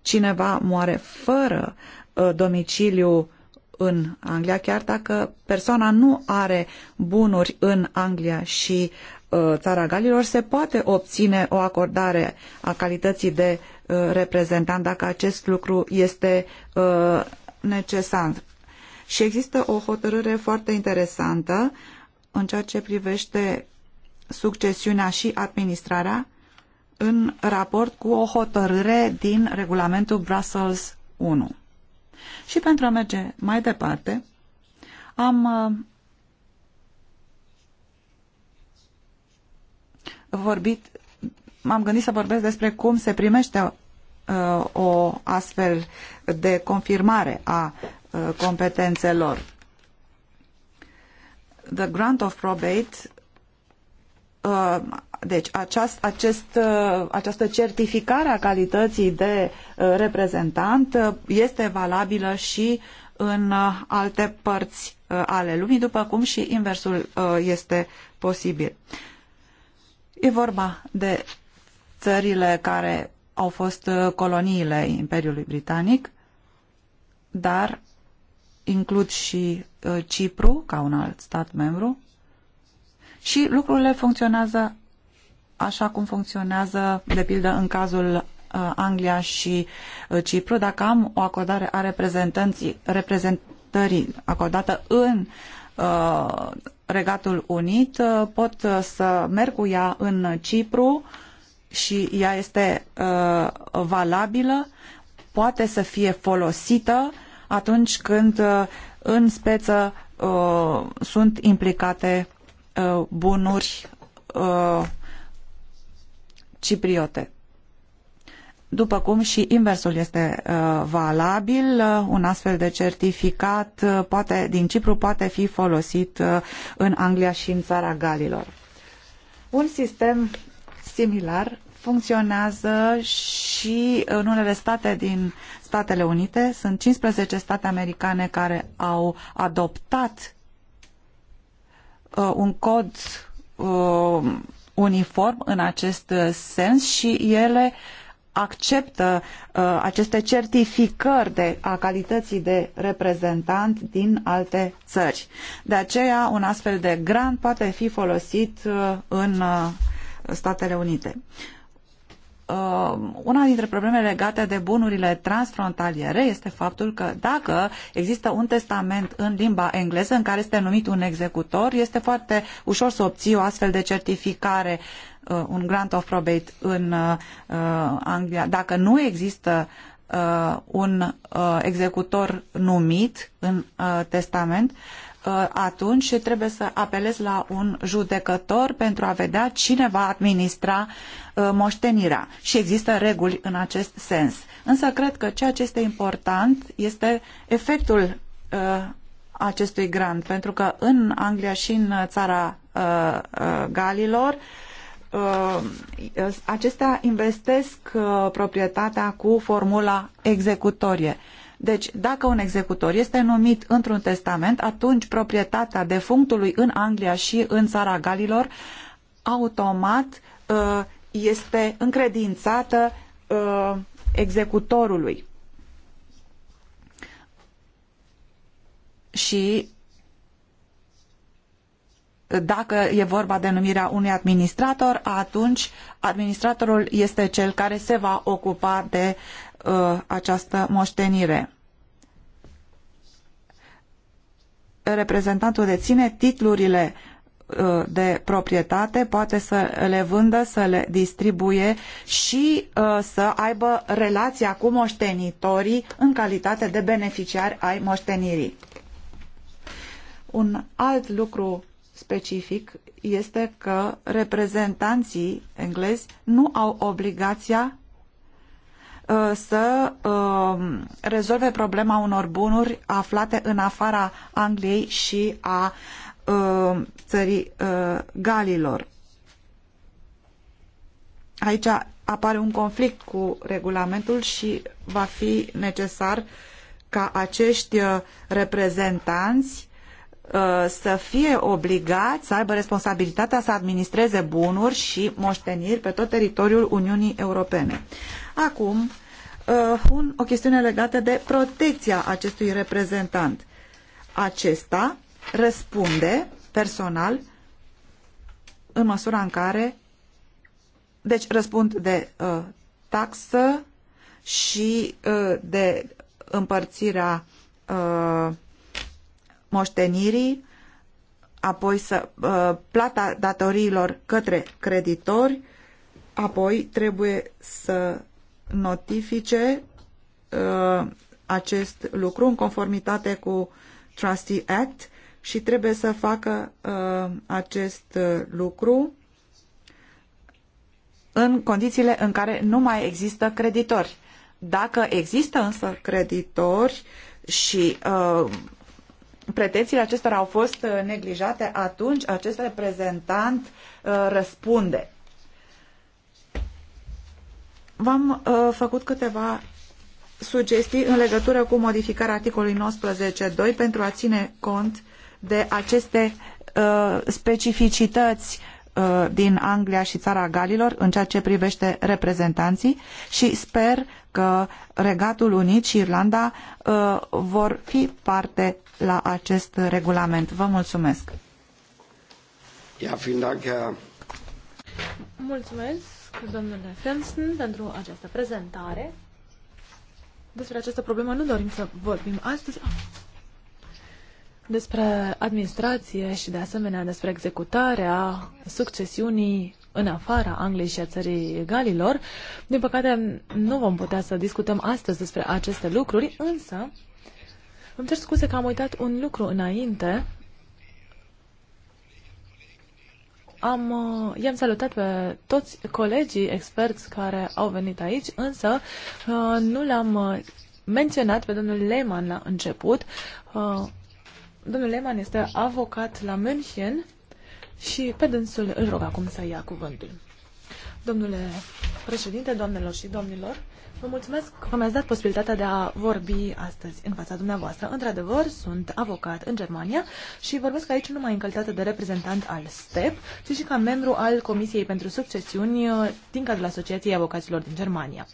cineva moare fără uh, domiciliu în Anglia, chiar dacă persoana nu are bunuri în Anglia și uh, țara Galilor, se poate obține o acordare a calității de uh, reprezentant dacă acest lucru este uh, necesar. Și există o hotărâre foarte interesantă în ceea ce privește succesiunea și administrarea în raport cu o hotărâre din regulamentul Brussels 1. Și pentru a merge mai departe, am uh, vorbit, m-am gândit să vorbesc despre cum se primește uh, o astfel de confirmare a uh, competențelor. The grant of probate Uh, deci aceast, acest, uh, această certificare a calității de uh, reprezentant este valabilă și în alte părți ale lumii, după cum și inversul este posibil. E vorba de țările care au fost coloniile Imperiului Britanic, dar includ și Cipru ca un alt stat membru, și lucrurile funcționează așa cum funcționează, de pildă, în cazul uh, Anglia și uh, Cipru, dacă am o acordare a reprezentanții, reprezentării acordată în uh, Regatul Unit, uh, pot să merg cu ea în Cipru și ea este uh, valabilă, poate să fie folosită atunci când uh, în speță sunt implicate Uh, bunuri uh, cipriote. După cum și inversul este uh, valabil, un astfel de certificat poate, din Cipru poate fi folosit în Anglia și în țara Galilor. Un sistem similar funcționează și în unele state din Statele Unite. Sunt 15 state americane care au adoptat Uh, un cod uh, uniform în acest sens și ele acceptă uh, aceste certificări de, a calității de reprezentant din alte țări. De aceea, un astfel de grant poate fi folosit uh, în uh, Statele Unite. Uh, una dintre problemele legate de bunurile transfrontaliere este faptul că dacă există un testament în limba engleză în care este numit un executor, este foarte ușor să obții o astfel de certificare, uh, un grant of probate în uh, Anglia. Dacă nu există un executor numit în testament, Uh, atunci trebuie să apelez la un judecător pentru a vedea cine va administra uh, moștenirea. Și există reguli în acest sens. Însă cred că ceea ce este important este efectul uh, acestui grant, pentru că în Anglia și în țara Galilor acestea investesc proprietatea cu formula executorie. Deci, dacă un executor este numit într-un testament, atunci proprietatea defunctului în Anglia și în țara Galilor automat uh, este încredințată uh, executorului. Și dacă e vorba de numirea unui administrator, atunci administratorul este cel care se va ocupa de Uh, această moștenire. Reprezentantul deține titlurile uh, de proprietate, poate să le vândă, să le distribuie și uh, să aibă relația cu moștenitorii în calitate de beneficiari ai moștenirii. Un alt lucru specific este că reprezentanții englezi nu au obligația Uh, să uh, rezolve problema unor bunuri aflate în afara Angliei și a uh, țării Galilor. Aici apare un conflict cu regulamentul și va fi necesar ca acești reprezentanți să fie obligați să aibă responsabilitatea să administreze bunuri și moșteniri pe tot teritoriul Uniunii Europene. Acum, uh, un, o chestiune legată de protecția acestui reprezentant. Acesta răspunde personal în măsura în care deci răspund de uh, taxă și uh, de împărțirea uh, moștenirii, apoi să, uh, plata datoriilor către creditori, apoi trebuie să notifice uh, acest lucru în conformitate cu Trustee Act și trebuie să facă uh, acest uh, lucru în condițiile în care nu mai există creditori. Dacă există însă creditori și uh, pretențiile acestora au fost uh, neglijate, atunci acest reprezentant uh, răspunde. V-am uh, făcut câteva sugestii în legătură cu modificarea articolului 19.2 pentru a ține cont de aceste uh, specificități uh, din Anglia și țara Galilor în ceea ce privește reprezentanții și sper că Regatul Unit și Irlanda uh, vor fi parte la acest regulament. Vă mulțumesc! Ia, fiind Mulțumesc, domnule Filmston, pentru această prezentare. Despre această problemă nu dorim să vorbim astăzi. Ah. Despre administrație și, de asemenea, despre executarea succesiunii în afara Angliei și a țării Galilor. Din păcate, nu vom putea să discutăm astăzi despre aceste lucruri, însă îmi cer scuze că am uitat un lucru înainte Am, uh, i-am salutat pe toți colegii experți care au venit aici, însă uh, nu l-am uh, menționat pe domnul Lehman la început. Domnul Lehman este avocat la München și pe dânsul îl rog acum să ia cuvântul. Domnule președinte, doamnelor și domnilor. Vă mulțumesc că mi-ați dat posibilitatea de a vorbi astăzi în fața dumneavoastră. Într-adevăr, sunt avocat în Germania și vorbesc aici numai în calitate de reprezentant al STEP, ci și ca membru al Comisiei pentru Succesiuni uh, din cadrul Asociației Avocaților din Germania.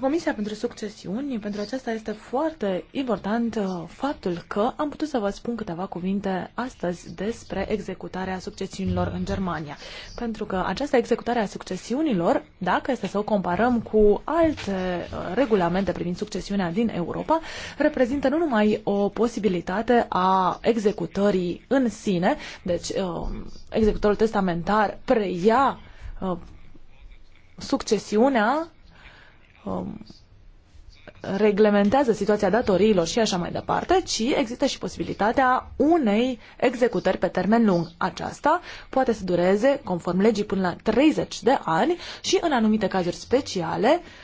Comisia pentru succesiuni, pentru aceasta este foarte important uh, faptul că am putut să vă spun câteva cuvinte astăzi despre executarea succesiunilor în Germania. Pentru că această executare a succesiunilor, dacă este să o comparăm cu alte uh, regulamente privind succesiunea din Europa, reprezintă nu numai o posibilitate a executării în sine, deci uh, executorul testamentar preia succesiunea um, reglementează situația datoriilor și așa mai departe, ci există și posibilitatea unei executări pe termen lung. Aceasta poate să dureze, conform legii, până la 30 de ani și, în anumite cazuri speciale, uh,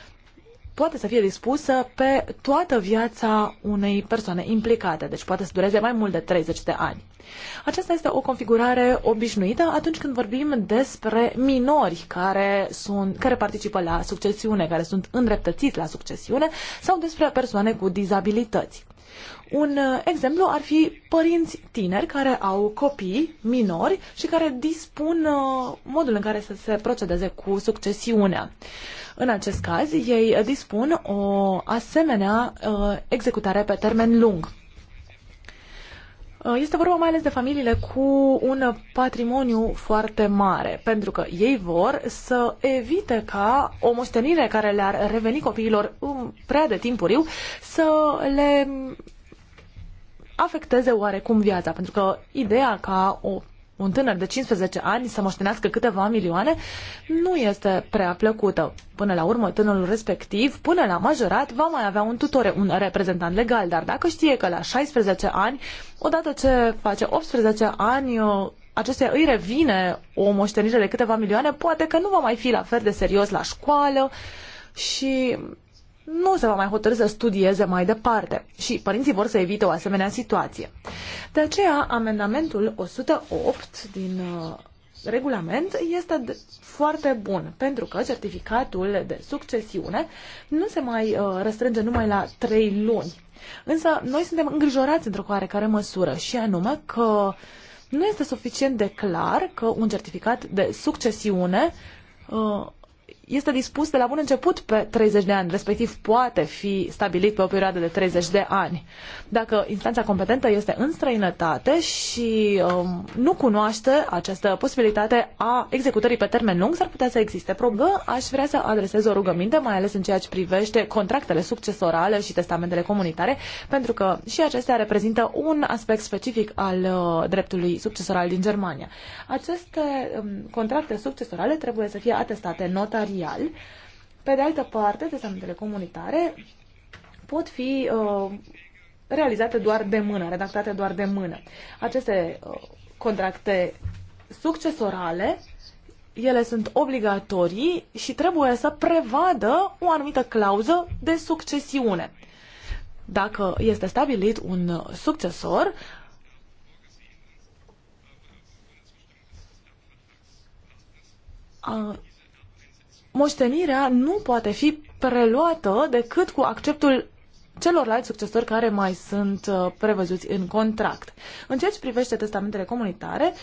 poate să fie dispusă pe toată viața unei persoane implicate, deci poate să dureze mai mult de 30 de ani. Aceasta este o configurare obișnuită atunci când vorbim despre minori care, sunt, care participă la succesiune, care sunt îndreptățiți la succesiune sau despre persoane cu dizabilități. Un uh, exemplu ar fi părinți tineri care au copii minori și care dispun uh, modul în care să se procedeze cu succesiunea. În acest caz, ei dispun o asemenea uh, executare pe termen lung. Este vorba mai ales de familiile cu un patrimoniu foarte mare, pentru că ei vor să evite ca o moștenire care le-ar reveni copiilor um, prea de timpuriu să le afecteze oarecum viața, pentru că ideea ca o un tânăr de 15 ani să moștenească câteva milioane nu este prea plăcută. Până la urmă, tânărul respectiv, până la majorat, va mai avea un tutor, un reprezentant legal, dar dacă știe că la 16 ani, odată ce face 18 ani, uh, acestea îi revine o moștenire de câteva milioane, poate că nu va mai fi la fel de serios la școală și nu se va mai hotărâ să studieze mai departe și părinții vor să evite o asemenea situație. De aceea, amendamentul 108 din uh, regulament este foarte bun, pentru că certificatul de succesiune nu se mai uh, restrânge numai la 3 luni. Însă, noi suntem îngrijorați într-o oarecare măsură și anume că nu este suficient de clar că un certificat de succesiune uh, este dispus de la bun început pe 30 de ani, respectiv poate fi stabilit pe o perioadă de 30 de ani. Dacă instanța competentă este în străinătate și um, nu cunoaște această posibilitate a executării pe termen lung, s-ar putea să existe probă. Aș vrea să adresez o rugăminte, mai ales în ceea ce privește contractele succesorale și testamentele comunitare, pentru că și acestea reprezintă un aspect specific al uh, dreptului succesoral din Germania. Aceste um, contracte succesorale trebuie să fie atestate notarii social. Pe de altă parte, testamentele comunitare pot fi uh, realizate doar de mână, redactate doar de mână. Aceste uh, contracte succesorale, ele sunt obligatorii și trebuie să prevadă o anumită clauză de succesiune. Dacă este stabilit un succesor, moștenirea nu poate fi preluată decât cu acceptul celorlalți succesori care mai sunt uh, prevăzuți în contract. În ceea ce privește testamentele comunitare,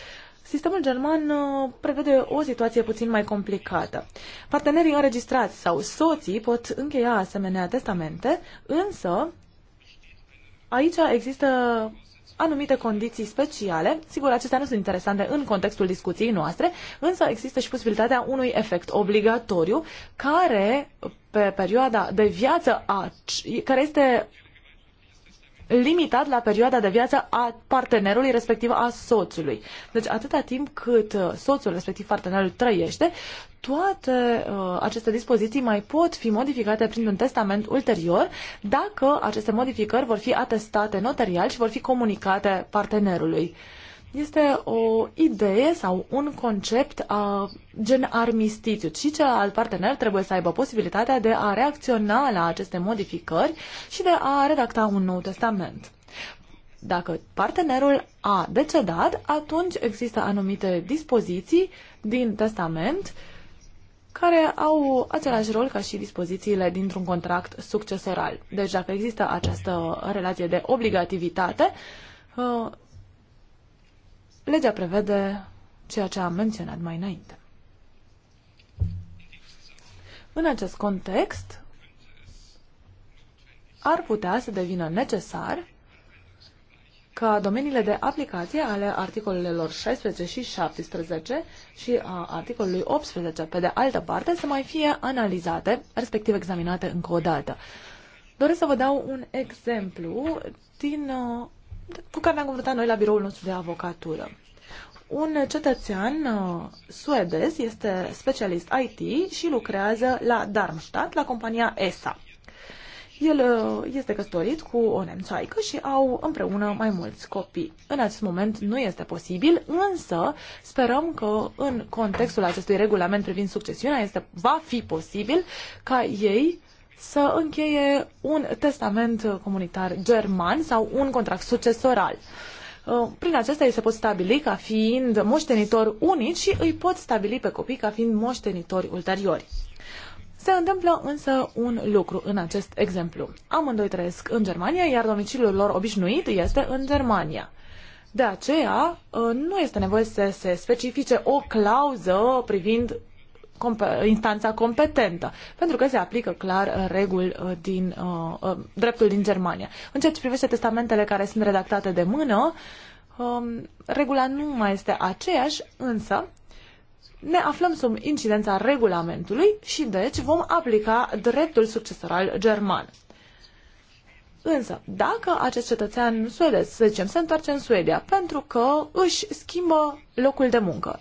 sistemul german uh, prevede o situație puțin mai complicată. Partenerii înregistrați sau soții pot încheia asemenea testamente, însă aici există anumite condiții speciale. Sigur, acestea nu sunt interesante în contextul discuției noastre, însă există și posibilitatea unui efect obligatoriu care pe perioada de viață a, care este limitat la perioada de viață a partenerului, respectiv a soțului. Deci atâta timp cât uh, soțul, respectiv partenerul, trăiește, toate uh, aceste dispoziții mai pot fi modificate printr-un testament ulterior dacă aceste modificări vor fi atestate notarial și vor fi comunicate partenerului. Uh, este o idee sau un concept a gen armistițiu și celălalt partener trebuie să aibă posibilitatea de a reacționa la aceste modificări și de a redacta un nou testament. Dacă partenerul a decedat, atunci există anumite dispoziții din testament care au același rol ca și dispozițiile dintr-un contract succesoral. Deci dacă există această relație de obligativitate, legea prevede ceea ce am menționat mai înainte. În acest context, ar putea să devină necesar ca domeniile de aplicație ale articolelor 16 și 17 și a articolului 18, pe de altă parte, să mai fie analizate, respectiv examinate încă o dată. Doresc să vă dau un exemplu din uh, cu care ne-am confruntat noi la biroul nostru de avocatură. Un cetățean uh, suedez este specialist IT și lucrează la Darmstadt, la compania ESA. El uh, este căsătorit cu o nemțoaică și au împreună mai mulți copii. În acest moment nu este posibil, însă sperăm că în contextul acestui regulament privind succesiunea este, va fi posibil ca ei să încheie un testament comunitar german sau un contract succesoral. Uh, prin acesta ei se pot stabili ca fiind moștenitori unici și îi pot stabili pe copii ca fiind moștenitori ulteriori. Se întâmplă însă un lucru în acest exemplu. Amândoi trăiesc în Germania, iar domiciliul lor obișnuit este în Germania. De aceea, uh, nu este nevoie să se specifice o clauză privind comp- instanța competentă, pentru că se aplică clar uh, reguli uh, din uh, uh, dreptul din Germania. În ceea ce privește testamentele care sunt redactate de mână, um, regula nu mai este aceeași, însă ne aflăm sub incidența regulamentului și deci vom aplica dreptul succesoral german. Însă, dacă acest cetățean suedez, să zicem, se întoarce în Suedia pentru că își schimbă locul de muncă,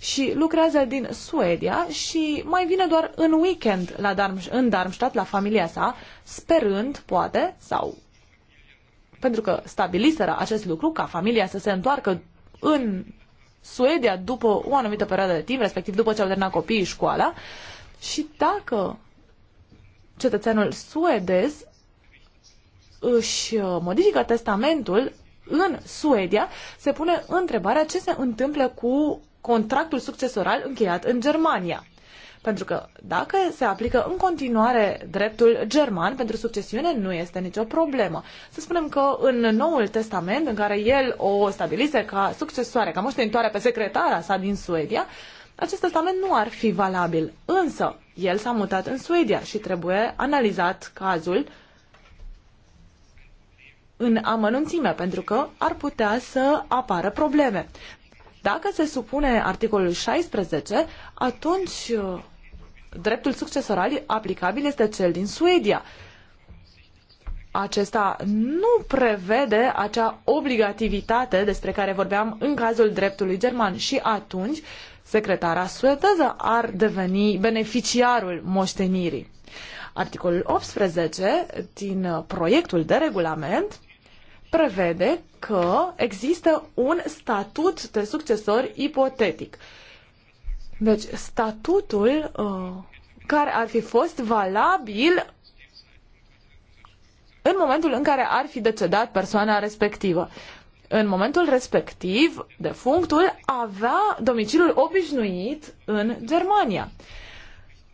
și lucrează din Suedia și mai vine doar în weekend la Darm- în Darmstadt la familia sa, sperând, poate, sau pentru că stabiliseră acest lucru, ca familia să se întoarcă în Suedia după o anumită perioadă de timp, respectiv după ce au terminat copiii școala, și dacă cetățeanul suedez își uh, modifică testamentul în Suedia, se pune întrebarea ce se întâmplă cu contractul succesoral încheiat în Germania. Pentru că dacă se aplică în continuare dreptul german pentru succesiune, nu este nicio problemă. Să spunem că în Noul Testament, în care el o stabilise ca succesoare, ca moștenitoare pe secretara sa din Suedia, acest testament nu ar fi valabil. Însă, el s-a mutat în Suedia și trebuie analizat cazul în amănunțime, pentru că ar putea să apară probleme. Dacă se supune articolul 16, atunci uh, dreptul succesoral aplicabil este cel din Suedia. Acesta nu prevede acea obligativitate despre care vorbeam în cazul dreptului german și atunci secretara suedeză ar deveni beneficiarul moștenirii. Articolul 18 din proiectul de regulament prevede că există un statut de succesor ipotetic. Deci, statutul uh, care ar fi fost valabil în momentul în care ar fi decedat persoana respectivă. În momentul respectiv, defunctul avea domiciliul obișnuit în Germania.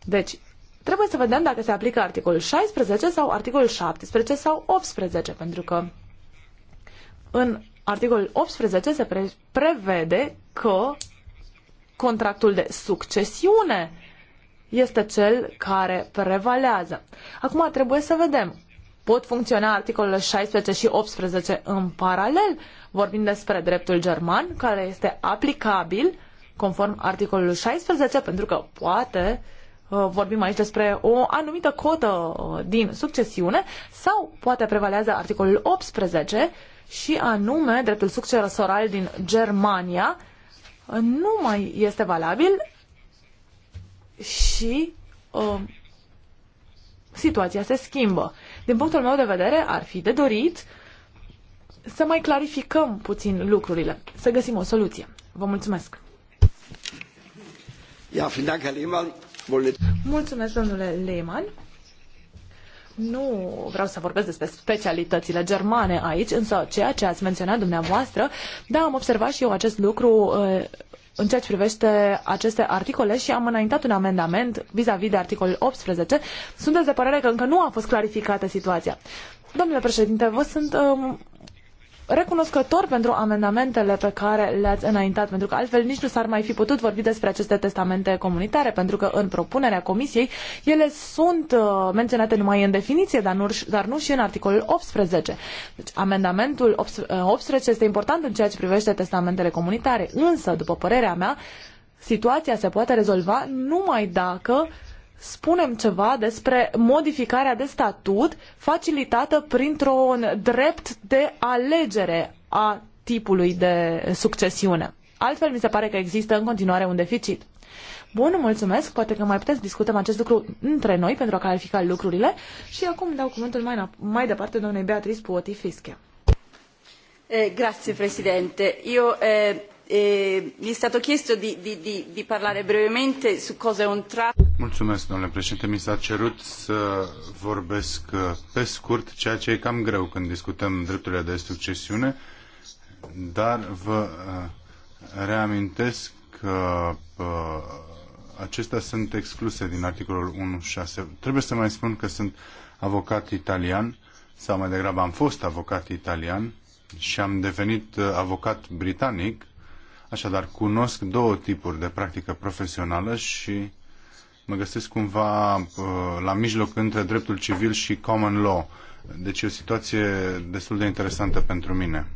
Deci, trebuie să vedem dacă se aplică articolul 16 sau articolul 17 sau 18, pentru că în articolul 18 se pre- prevede că contractul de succesiune este cel care prevalează. Acum trebuie să vedem. Pot funcționa articolele 16 și 18 în paralel? Vorbim despre dreptul german, care este aplicabil conform articolului 16, pentru că poate uh, vorbim aici despre o anumită cotă uh, din succesiune, sau poate prevalează articolul 18, și anume dreptul succesoral din Germania nu mai este valabil și uh, situația se schimbă. Din punctul meu de vedere, ar fi de dorit să mai clarificăm puțin lucrurile, să găsim o soluție. Vă mulțumesc! Ja, vielen Dank, Herr Lehmann. Mulțumesc, domnule Lehmann. Nu vreau să vorbesc despre specialitățile germane aici, însă ceea ce ați menționat dumneavoastră, da, am observat și eu acest lucru uh, în ceea ce privește aceste articole și am înaintat un amendament vis-a-vis -vis de articolul 18. Sunteți de părere că încă nu a fost clarificată situația. Domnule președinte, vă sunt um, recunoscător pentru amendamentele pe care le-ați înaintat, pentru că altfel nici nu s-ar mai fi putut vorbi despre aceste testamente comunitare, pentru că în propunerea Comisiei ele sunt uh, menționate numai în definiție, dar nu, dar nu și în articolul 18. Deci, amendamentul 18 uh, este important în ceea ce privește testamentele comunitare, însă, după părerea mea, situația se poate rezolva numai dacă uh, spunem ceva despre modificarea de statut facilitată printr-un drept de alegere a tipului de succesiune. Altfel, mi se pare că există în continuare un deficit. Bun, mulțumesc. Poate că mai puteți discutăm acest lucru între noi pentru a clarifica lucrurile. Și acum dau cuvântul mai, mai departe doamnei Beatrice Puoti Eh, grazie, Presidente. Io, eh, Eh, mi è stato chiesto di, di, di, di parlare brevemente su cosa è un trust. Mulțumesc, domnule președinte. Mi s-a cerut să vorbesc eh, pe scurt, ceea ce e cam greu când discutăm drepturile de succesiune, dar vă eh, reamintesc că eh, acestea sunt excluse din articolul 1.6. Trebuie să mai spun că sunt avocat italian, sau mai degrabă am fost avocat italian și am devenit avocat britanic Așadar, cunosc două tipuri de practică profesională și mă găsesc cumva uh, la mijloc între dreptul civil și common law. Deci e o situație destul de interesantă pentru mine.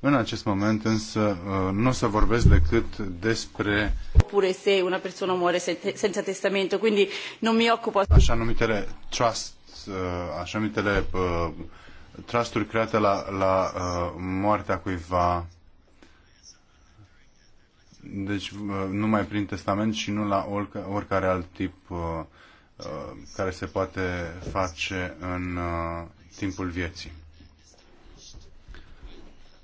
În acest moment însă uh, nu o să vorbesc decât despre oppure se una persoană muore senza testamento, quindi non mi occupo așa numitele trust, uh, așa numitele trusturi create la, la moartea cuiva deci uh, numai prin testament și nu la oricare alt tip uh, uh, care se poate face în timpul vieții.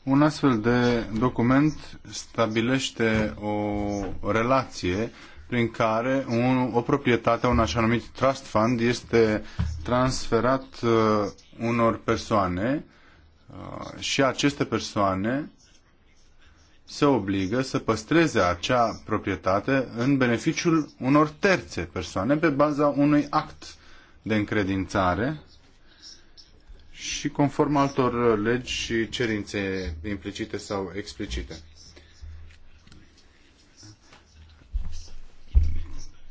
Un astfel de document stabilește o relație prin care un, o proprietate, un așa numit trust fund, este transferat uh, unor persoane uh, și aceste persoane se obligă să păstreze acea proprietate în beneficiul unor terțe persoane pe baza unui act de încredințare și conform altor legi și cerințe implicite sau explicite.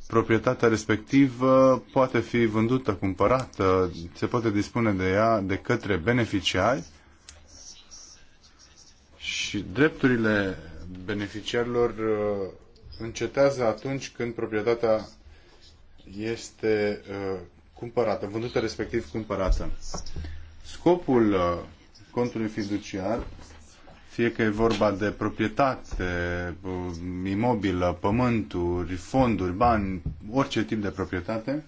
Proprietatea respectivă poate fi vândută, cumpărată, se poate dispune de ea de către beneficiari și drepturile beneficiarilor uh, încetează atunci când proprietatea este uh, cumpărată, vândută respectiv cumpărată. Scopul uh, contului fiduciar, fie că e vorba de proprietate, imobilă, pământuri, fonduri, bani, orice tip de proprietate,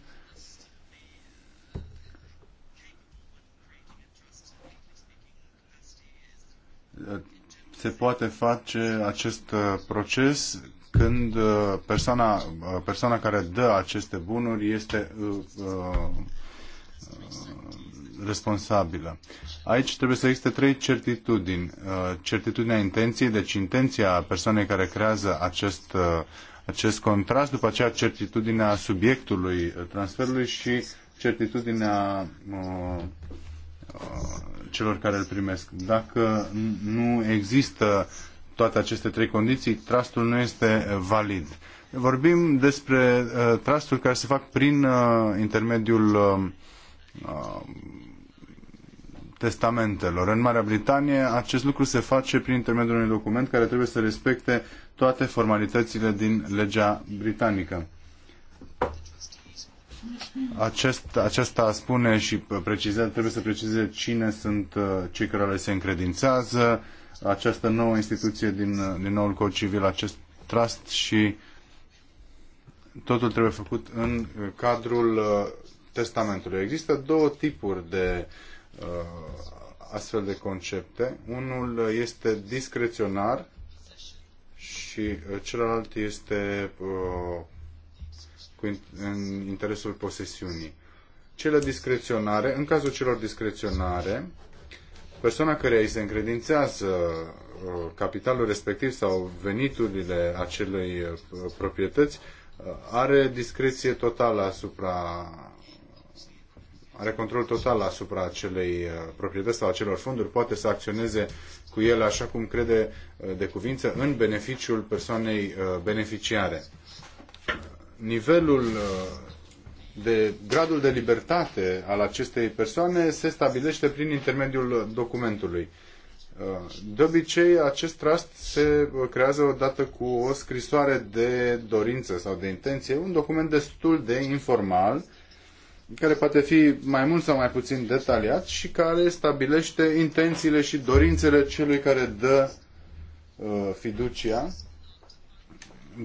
se poate face acest uh, proces când uh, persoana, uh, persoana care dă aceste bunuri este uh, responsabilă. Aici trebuie să existe trei certitudini. Certitudinea intenției, deci intenția persoanei care creează acest, acest contrast, după aceea certitudinea subiectului transferului și certitudinea uh, Uh, celor care îl primesc. Dacă nu există toate aceste trei condiții, trustul nu este valid. Vorbim despre uh, trusturi care se fac prin uh, intermediul uh, uh, testamentelor. În Marea Britanie acest lucru se face prin intermediul unui document care trebuie să respecte toate formalitățile din legea britanică. Acest, acesta spune și precizează, trebuie să precizeze cine sunt uh, cei care le se încredințează, această nouă instituție din, uh, din noul cod civil, acest trust și totul trebuie făcut în uh, cadrul testamentului. Există două tipuri de uh, astfel de concepte. Unul este discreționar și celălalt este uh, cu in, în interesul posesiunii. Cele discreționare, în cazul celor discreționare, persoana care îi se încredințează uh, capitalul respectiv sau veniturile acelei uh, proprietăți uh, are discreție totală asupra are control total asupra acelei proprietăți sau acelor fonduri, poate să acționeze cu el așa cum crede de cuvință în beneficiul persoanei beneficiare nivelul uh, de gradul de libertate al acestei persoane se stabilește prin intermediul documentului. Uh, de obicei, acest trust se uh, creează odată cu o scrisoare de dorință sau de intenție, un document destul de informal, care poate fi mai mult sau mai puțin detaliat și care stabilește intențiile și dorințele celui care dă fiducia,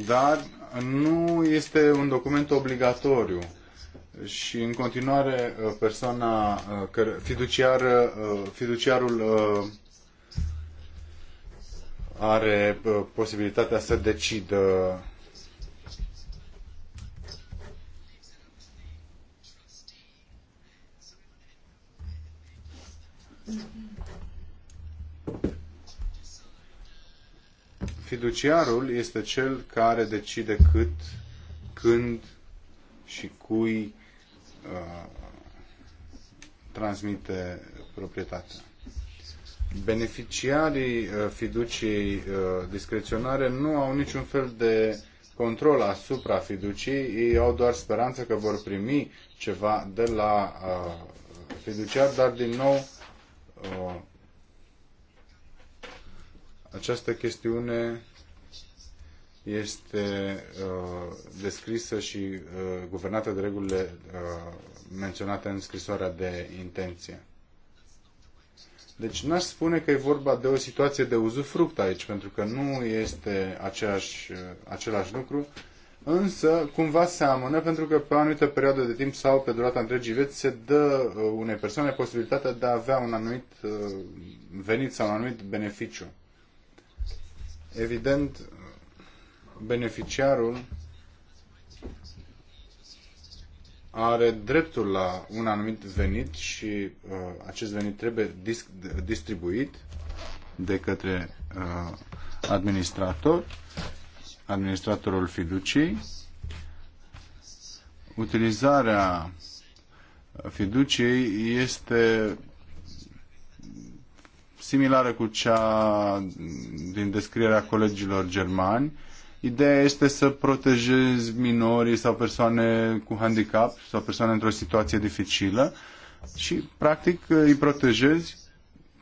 dar nu este un document obligatoriu și în continuare uh, persoana uh, fiduciar, uh, fiduciarul are posibilitatea să decidă Fiduciarul este cel care decide cât, când și cui uh, transmite proprietatea. Beneficiarii uh, fiduciei uh, discreționare nu au niciun fel de control asupra fiduciei, ei au doar speranță că vor primi ceva de la uh, fiduciar, dar din nou uh, această chestiune este uh, descrisă și uh, guvernată de regulile uh, menționate în scrisoarea de intenție. Deci n-aș spune că e vorba de o situație de uzufruct aici, pentru că nu este aceeași, uh, același lucru, însă cumva seamănă pentru că pe o anumită perioadă de timp sau pe durata întregii vieți se dă uh, unei persoane posibilitatea de a avea un anumit uh, venit sau un anumit beneficiu. Evident, beneficiarul are dreptul la un anumit venit și uh, acest venit trebuie dis- distribuit de către uh, administrator, administratorul fiducii. Utilizarea fiduciei este similară cu cea din descrierea colegilor germani. Ideea este să protejezi minorii sau persoane cu handicap sau persoane într-o situație dificilă și, practic, îi protejezi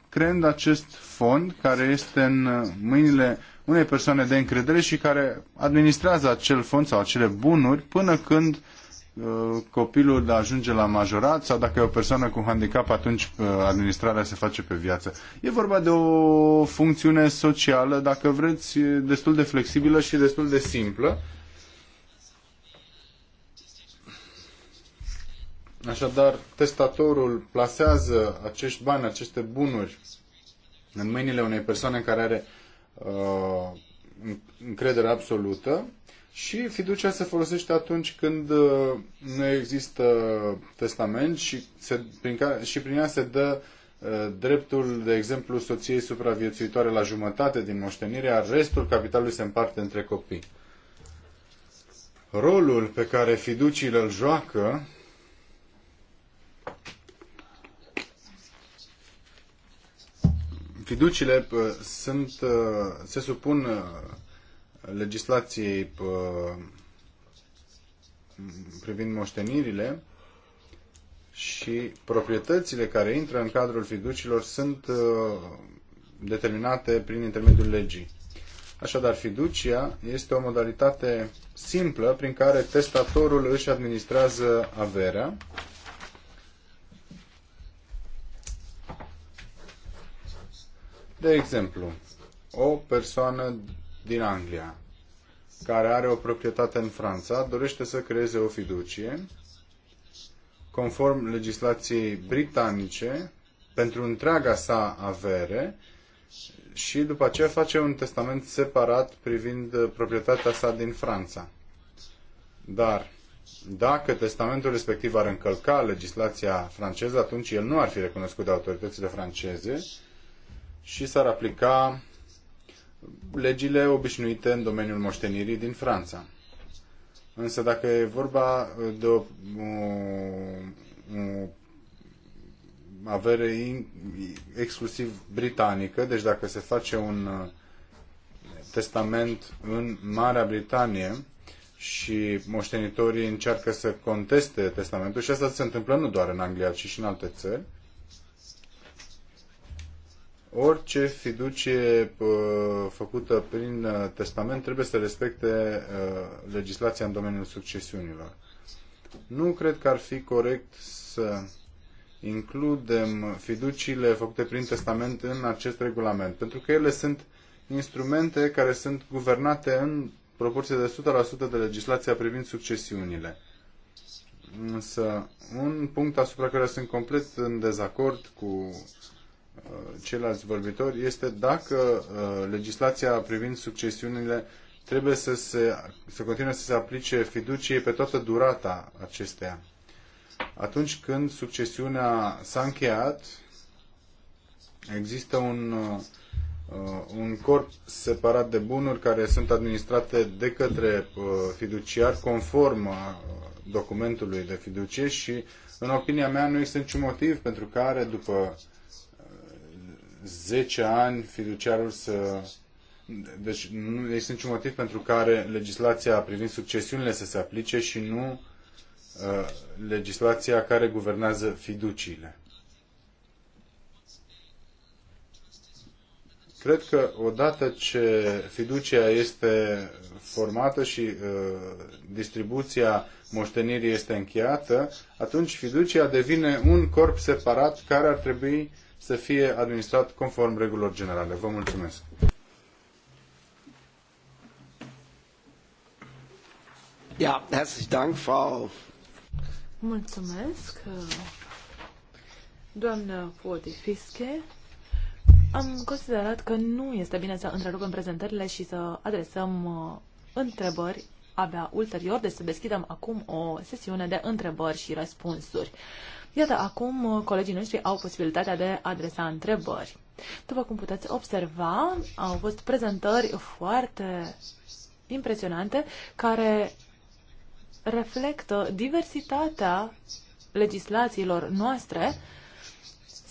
creând acest fond care este în mâinile unei persoane de încredere și care administrează acel fond sau acele bunuri până când uh, Uh, copilul ajunge la majorat sau dacă e o persoană cu handicap, atunci uh, administrarea se face pe viață. E vorba de o funcțiune socială, dacă vreți, destul de flexibilă și destul de simplă. Așadar, testatorul plasează acești bani, aceste bunuri în mâinile unei persoane care are uh, încredere absolută și fiducia se folosește atunci când uh, nu există testament și, se, prin, care, și prin ea se dă uh, dreptul, de exemplu, soției supraviețuitoare la jumătate din moștenire, iar restul capitalului se împarte între copii. Rolul pe care fiduciile îl joacă fiduciile uh, sunt, se supun legislației privind moștenirile și proprietățile care intră în cadrul fiducilor sunt ă, determinate prin intermediul legii. Așadar, fiducia este o modalitate simplă prin care testatorul își administrează averea De exemplu, o persoană din Anglia, care are o proprietate în Franța, dorește să creeze o fiducie conform legislației britanice pentru întreaga sa avere și după aceea face un testament separat privind proprietatea sa din Franța. Dar dacă testamentul respectiv ar încălca legislația franceză, atunci el nu ar fi recunoscut de autoritățile franceze și s-ar aplica legile obișnuite în domeniul moștenirii din Franța. Însă dacă e vorba uh, de o, o, uh, o avere in, exclusiv britanică, deci dacă se face un uh, testament în Marea Britanie și moștenitorii încearcă să conteste testamentul, și asta se întâmplă nu doar în Anglia, ci și în alte țări, orice fiducie făcută prin uh, testament trebuie să respecte uh, legislația în domeniul succesiunilor. Nu cred că ar fi corect să includem fiduciile făcute prin testament în acest regulament, pentru că ele sunt instrumente care sunt guvernate în proporție de 100% de legislația privind succesiunile. Însă, un punct asupra care sunt complet în dezacord cu Uh, ceilalți vorbitori este dacă uh, legislația privind succesiunile trebuie să, se, să continue să se aplice fiduciei pe toată durata acesteia. Atunci când succesiunea s-a încheiat, există un, uh, un corp separat de bunuri care sunt administrate de către fiduciar conform documentului de fiducie și, în opinia mea, nu există niciun motiv pentru care, după uh, 10 ani fiduciarul să... Deci nu există deci niciun motiv pentru care legislația privind succesiunile să se aplice și nu uh, legislația care guvernează fiduciile. Cred că odată ce fiducia este formată și uh, distribuția moștenirii este încheiată, atunci fiducia devine un corp separat care ar trebui să fie administrat conform regulilor generale. Vă mulțumesc! Ja, herzlichen Dank, Frau. Mulțumesc, doamnă Potifiske. Am considerat că nu este bine să întrerupem prezentările și să adresăm uh, întrebări abia ulterior, deci să deschidem acum o sesiune de întrebări și răspunsuri. Iată, acum uh, colegii noștri au posibilitatea de a adresa întrebări. După cum puteți observa, au fost prezentări foarte impresionante care reflectă diversitatea legislațiilor noastre.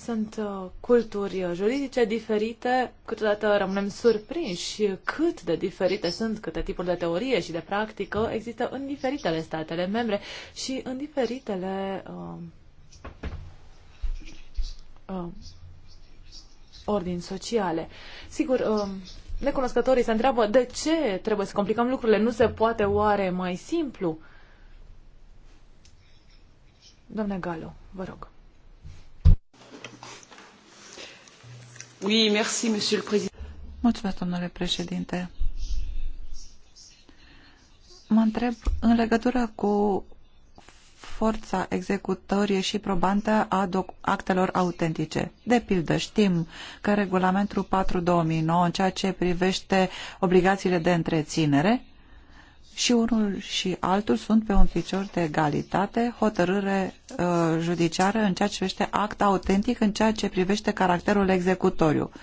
Sunt uh, culturi juridice diferite, câteodată rămânem surprinși cât de diferite sunt, câte tipuri de teorie și de practică există în diferitele statele membre și în diferitele uh, uh, ordini sociale. Sigur, uh, necunoscătorii se întreabă de ce trebuie să complicăm lucrurile, nu se poate oare mai simplu? Doamne Galo, vă rog. Oui, merci, monsieur le président. Mulțumesc, domnule președinte. Mă întreb în legătură cu forța executorie și probantă a actelor autentice. De pildă, știm că regulamentul 4-2009 în ceea ce privește obligațiile de întreținere și unul și altul sunt pe un picior de egalitate, hotărâre uh, judiciară în ceea ce privește act autentic, în ceea ce privește caracterul executoriu. Uh,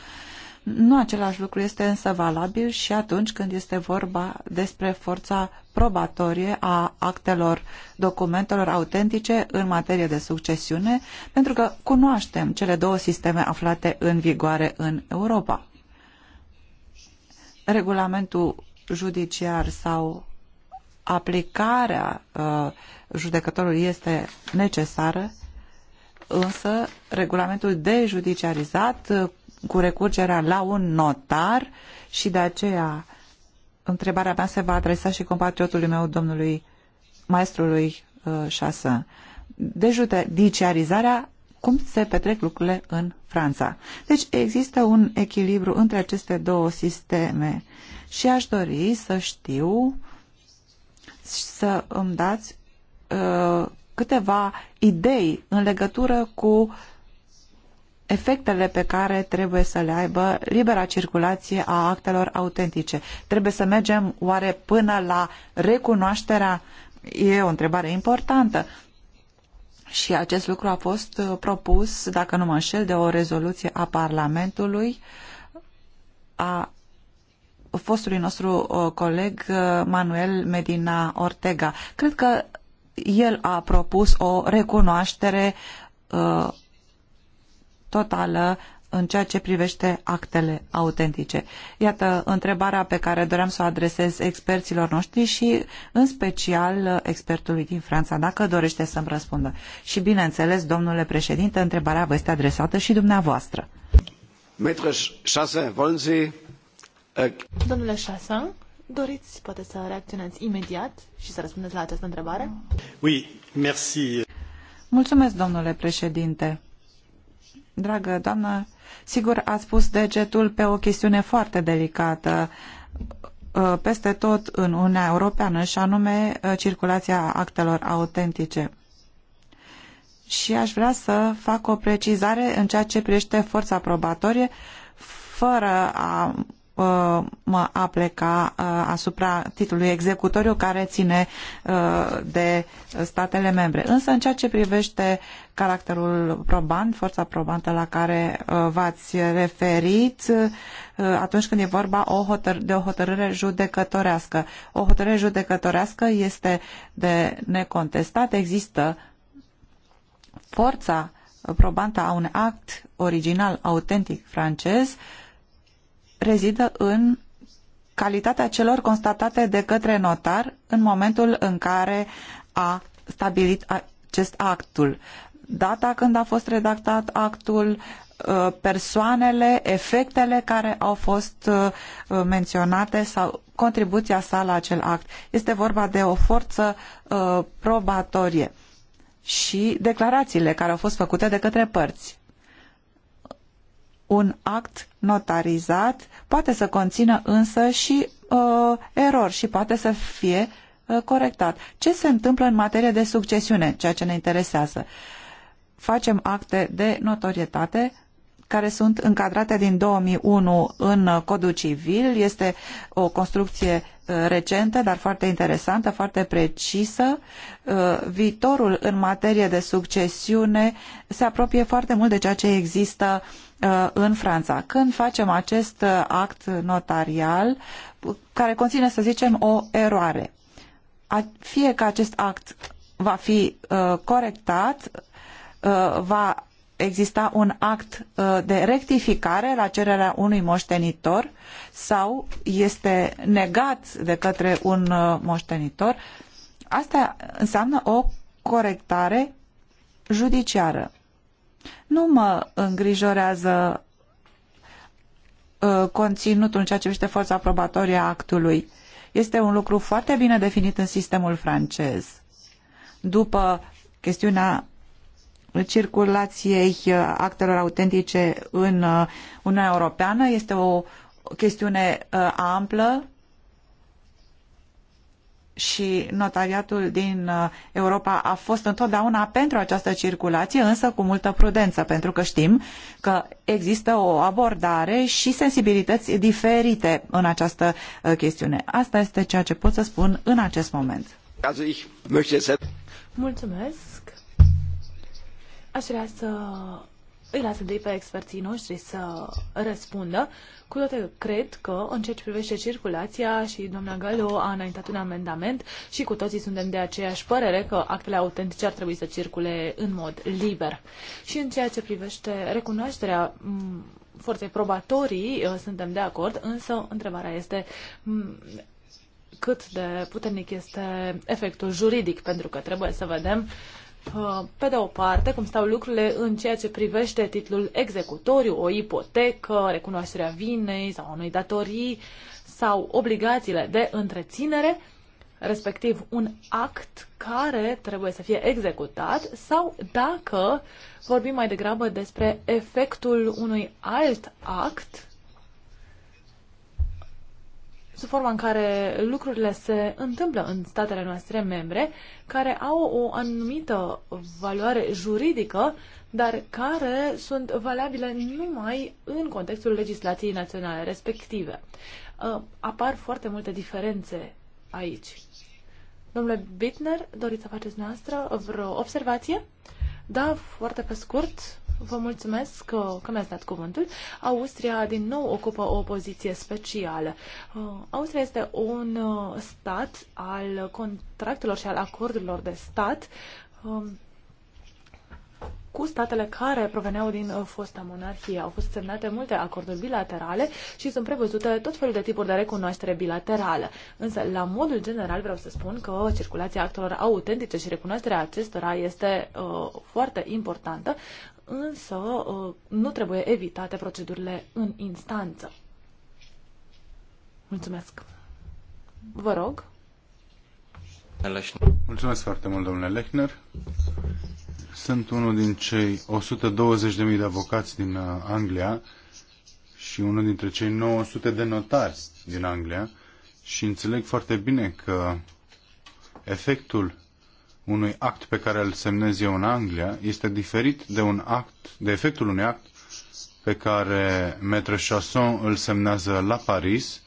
nu același lucru este însă valabil și atunci când este vorba despre forța probatorie a actelor documentelor autentice în materie de succesiune, pentru că cunoaștem cele două sisteme aflate în vigoare în Europa. Regulamentul judiciar sau aplicarea uh, judecătorului este necesară, însă regulamentul de judiciarizat uh, cu recurgerea la un notar și de aceea întrebarea mea se va adresa și compatriotului meu, domnului maestrului uh, șasă. De judiciarizarea cum se petrec lucrurile în Franța. Deci există un echilibru între aceste două sisteme și aș dori să știu să îmi dați uh, câteva idei în legătură cu efectele pe care trebuie să le aibă libera circulație a actelor autentice. Trebuie să mergem oare până la recunoașterea? E o întrebare importantă. Și acest lucru a fost uh, propus, dacă nu mă înșel, de o rezoluție a Parlamentului a fostului nostru uh, coleg uh, Manuel Medina Ortega. Cred că el a propus o recunoaștere totală în ceea ce privește actele autentice. Iată întrebarea pe care doream să o adresez experților noștri și în special expertului din Franța, dacă dorește să-mi răspundă. Și bineînțeles, domnule președinte, întrebarea vă este adresată și dumneavoastră. Uh, domnule Șasan, doriți poate să reacționați imediat și să răspundeți la această întrebare? Oui, merci. Mulțumesc, domnule președinte. Dragă doamnă, sigur ați pus degetul pe o chestiune foarte delicată uh, peste tot în Uniunea Europeană și anume uh, circulația actelor autentice. Și aș vrea să fac o precizare în ceea ce privește forța probatorie fără a Uh, mă apleca uh, asupra titlului executoriu care ține uh, de statele membre. Însă în ceea ce privește caracterul probant, forța probantă la care v-ați referit atunci când e vorba de o hotărâre judecătorească. O hotărâre judecătorească este de necontestat, există forța probantă a un act original, autentic francez, uh, rezidă în calitatea celor constatate de către notar în momentul în care a stabilit acest actul. Data când a fost redactat actul, ă, persoanele, efectele care au fost ă, ă, menționate sau contribuția sa la acel act. Este vorba de o forță probatorie și declarațiile care au fost făcute de către părți un act notarizat poate să conțină însă și uh, erori și poate să fie uh, corectat. Ce se întâmplă în materie de succesiune, ceea ce ne interesează? Facem acte de notorietate care sunt încadrate din 2001 în codul civil. Este o construcție uh, recentă, dar foarte interesantă, foarte precisă. Uh, viitorul în materie de succesiune se apropie foarte mult de ceea ce există uh, Uh, în Franța. Când facem acest uh, act notarial, care conține, să zicem, o eroare, fie că acest act va fi uh, corectat, va exista un act de rectificare la cererea unui moștenitor sau este negat de către un moștenitor, asta înseamnă o corectare judiciară. Nu mă îngrijorează uh, conținutul în ceea ce privește forța aprobatorie a actului. Este un lucru foarte bine definit în sistemul francez. După chestiunea circulației uh, actelor autentice în uh, Uniunea Europeană este o chestiune amplă și notariatul din uh, Europa a fost întotdeauna pentru această circulație, însă cu multă prudență, pentru că știm că există o abordare și sensibilități diferite în această uh, chestiune. Asta este ceea ce pot să spun în acest moment. Mulțumesc! Aș vrea să îi las întâi pe experții noștri să răspundă. Cu toate cred că, în ceea ce privește circulația, și doamna Galo a înaintat un amendament și cu toții suntem de aceeași părere că actele autentice ar trebui să circule în mod liber. Și în ceea ce privește recunoașterea forței probatorii, uh, suntem de acord, însă întrebarea este cât de puternic este efectul juridic, pentru că trebuie să vedem uh, pe de o parte, cum stau lucrurile în ceea ce privește titlul executoriu, o ipotecă, recunoașterea vinei sau unei datorii sau obligațiile de întreținere, respectiv un act care trebuie să fie executat sau dacă vorbim mai degrabă despre efectul unui alt act sub forma în care lucrurile se întâmplă în statele noastre membre, care au o anumită valoare juridică, dar care sunt valabile numai în contextul legislației naționale respective. Uh, apar foarte multe diferențe aici. Domnule Bittner, doriți să faceți noastră vreo observație? Da, foarte pe scurt. Vă mulțumesc că, că mi-ați dat cuvântul. Austria din nou ocupă o poziție specială. Uh, Austria este un uh, stat al contractelor și al acordurilor de stat um, cu statele care proveneau din uh, fosta monarhie. Au fost semnate multe acorduri bilaterale și sunt prevăzute tot felul de tipuri de recunoaștere bilaterală. Însă, la modul general, vreau să spun că circulația actelor autentice și recunoașterea acestora este uh, foarte importantă, însă ă, nu trebuie evitate procedurile în instanță. Mulțumesc. Vă rog. Mulțumesc foarte mult, domnule Lechner. Sunt unul din cei 120.000 de avocați din ă, Anglia și unul dintre cei 900 de notari din Anglia și înțeleg foarte bine că efectul unui act pe care îl semnez eu în Anglia este diferit de un act, de efectul unui act pe care Maître Chasson îl semnează la Paris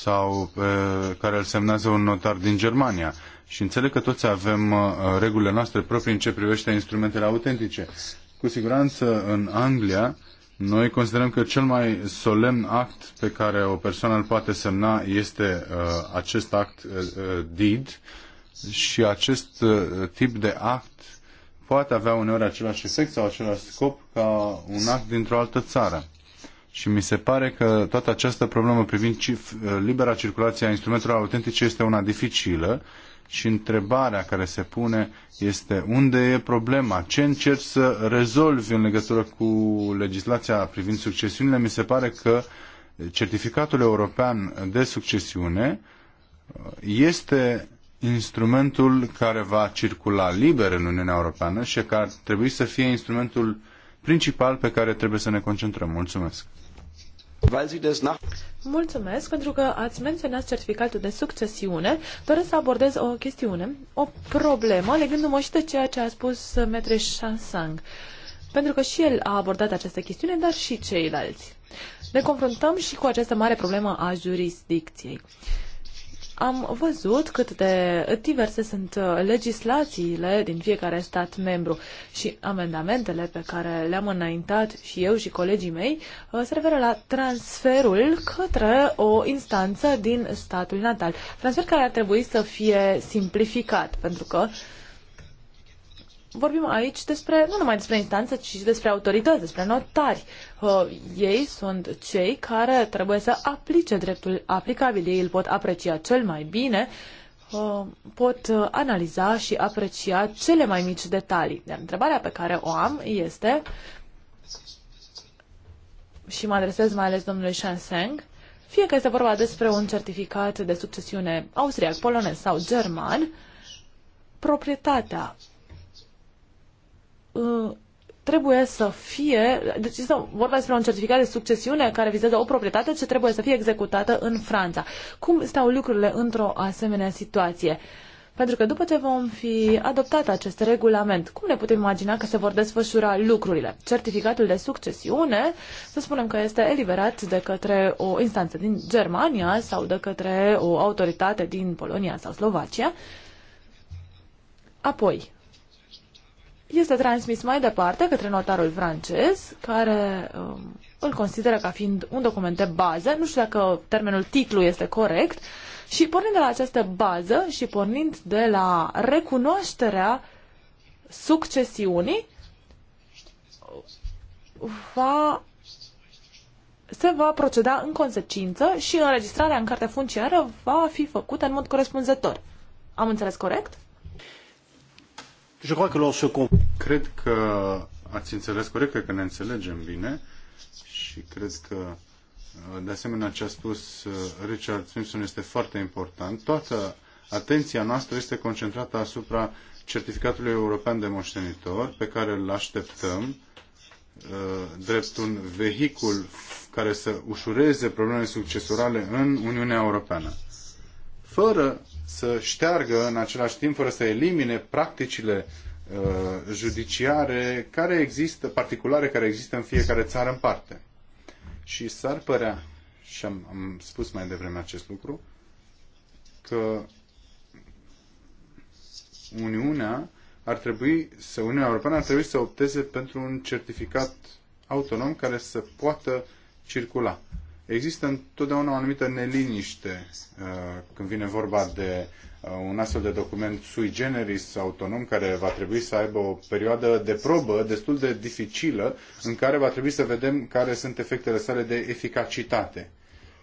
sau pe care îl semnează un notar din Germania. Și înțeleg că toți avem uh, regulile noastre proprii în ce privește instrumentele autentice. Cu siguranță în Anglia noi considerăm că cel mai solemn act pe care o persoană îl poate semna este uh, acest act uh, uh deed, uh, și acest uh, tip de act poate avea uneori același efect sau același scop ca un act dintr-o altă țară. Și mi se pare că toată această problemă privind cif, uh, libera circulație a instrumentelor autentice este una dificilă și întrebarea care se pune este unde e problema, ce încerci să rezolvi în legătură cu legislația privind succesiunile. Mi se pare că certificatul european de succesiune uh, este instrumentul care va circula liber în Uniunea Europeană și care ar trebui să fie instrumentul principal pe care trebuie să ne concentrăm. Mulțumesc! Mulțumesc pentru că ați menționat certificatul de succesiune. Doresc să abordez o chestiune, o problemă, legându-mă și de ceea ce a spus Metre Shansang. Pentru că și el a abordat această chestiune, dar și ceilalți. Ne confruntăm și cu această mare problemă a jurisdicției. Uh, am văzut cât de diverse sunt uh, legislațiile din fiecare stat membru și amendamentele pe care le-am înaintat și eu și colegii mei uh, se referă la transferul către o instanță din statul natal. Transfer care ar trebui să fie simplificat, pentru că uh, vorbim aici despre, nu numai despre instanță, ci și despre autorități, despre notari. Uh, ei sunt cei care trebuie să aplice dreptul aplicabil. Ei îl pot aprecia cel mai bine, uh, pot analiza și aprecia cele mai mici detalii. Iar întrebarea pe care o am este, și mă adresez mai ales domnului Shanseng, fie că este vorba despre un certificat de succesiune austriac, polonez sau german, proprietatea Uh, trebuie să fie, deci este vorba despre un certificat de succesiune care vizează o proprietate ce trebuie să fie executată în Franța. Cum stau lucrurile într-o asemenea situație? Pentru că după ce vom fi adoptat acest regulament, cum ne putem imagina că se vor desfășura lucrurile? Certificatul de succesiune, să spunem că este eliberat de către o instanță din Germania sau de către o autoritate din Polonia sau Slovacia. Apoi, este transmis mai departe către notarul francez, care um, îl consideră ca fiind un document de bază, nu știu dacă termenul titlu este corect, și pornind de la această bază și pornind de la recunoașterea succesiunii, va, se va proceda în consecință și înregistrarea în carte funciară va fi făcută în mod corespunzător. Am înțeles corect? Je crois que se Cred că ați înțeles corect, cred că ne înțelegem bine și cred că uh, de asemenea ce a spus uh, Richard Simpson este foarte important. Toată atenția noastră este concentrată asupra certificatului european de moștenitor pe care îl așteptăm uh, drept un vehicul care să ușureze problemele succesorale în Uniunea Europeană. Fără să șteargă în același timp, fără să elimine practicile uh, judiciare care există, particulare care există în fiecare țară în parte. Și s-ar părea, și am, am spus mai devreme acest lucru, că Uniunea ar trebui să, Uniunea Europeană ar trebui să opteze pentru un certificat autonom care să poată circula. Există întotdeauna o anumită neliniște uh, când vine vorba de uh, un astfel de document sui generis autonom care va trebui să aibă o perioadă de probă destul de dificilă în care va trebui să vedem care sunt efectele sale de eficacitate.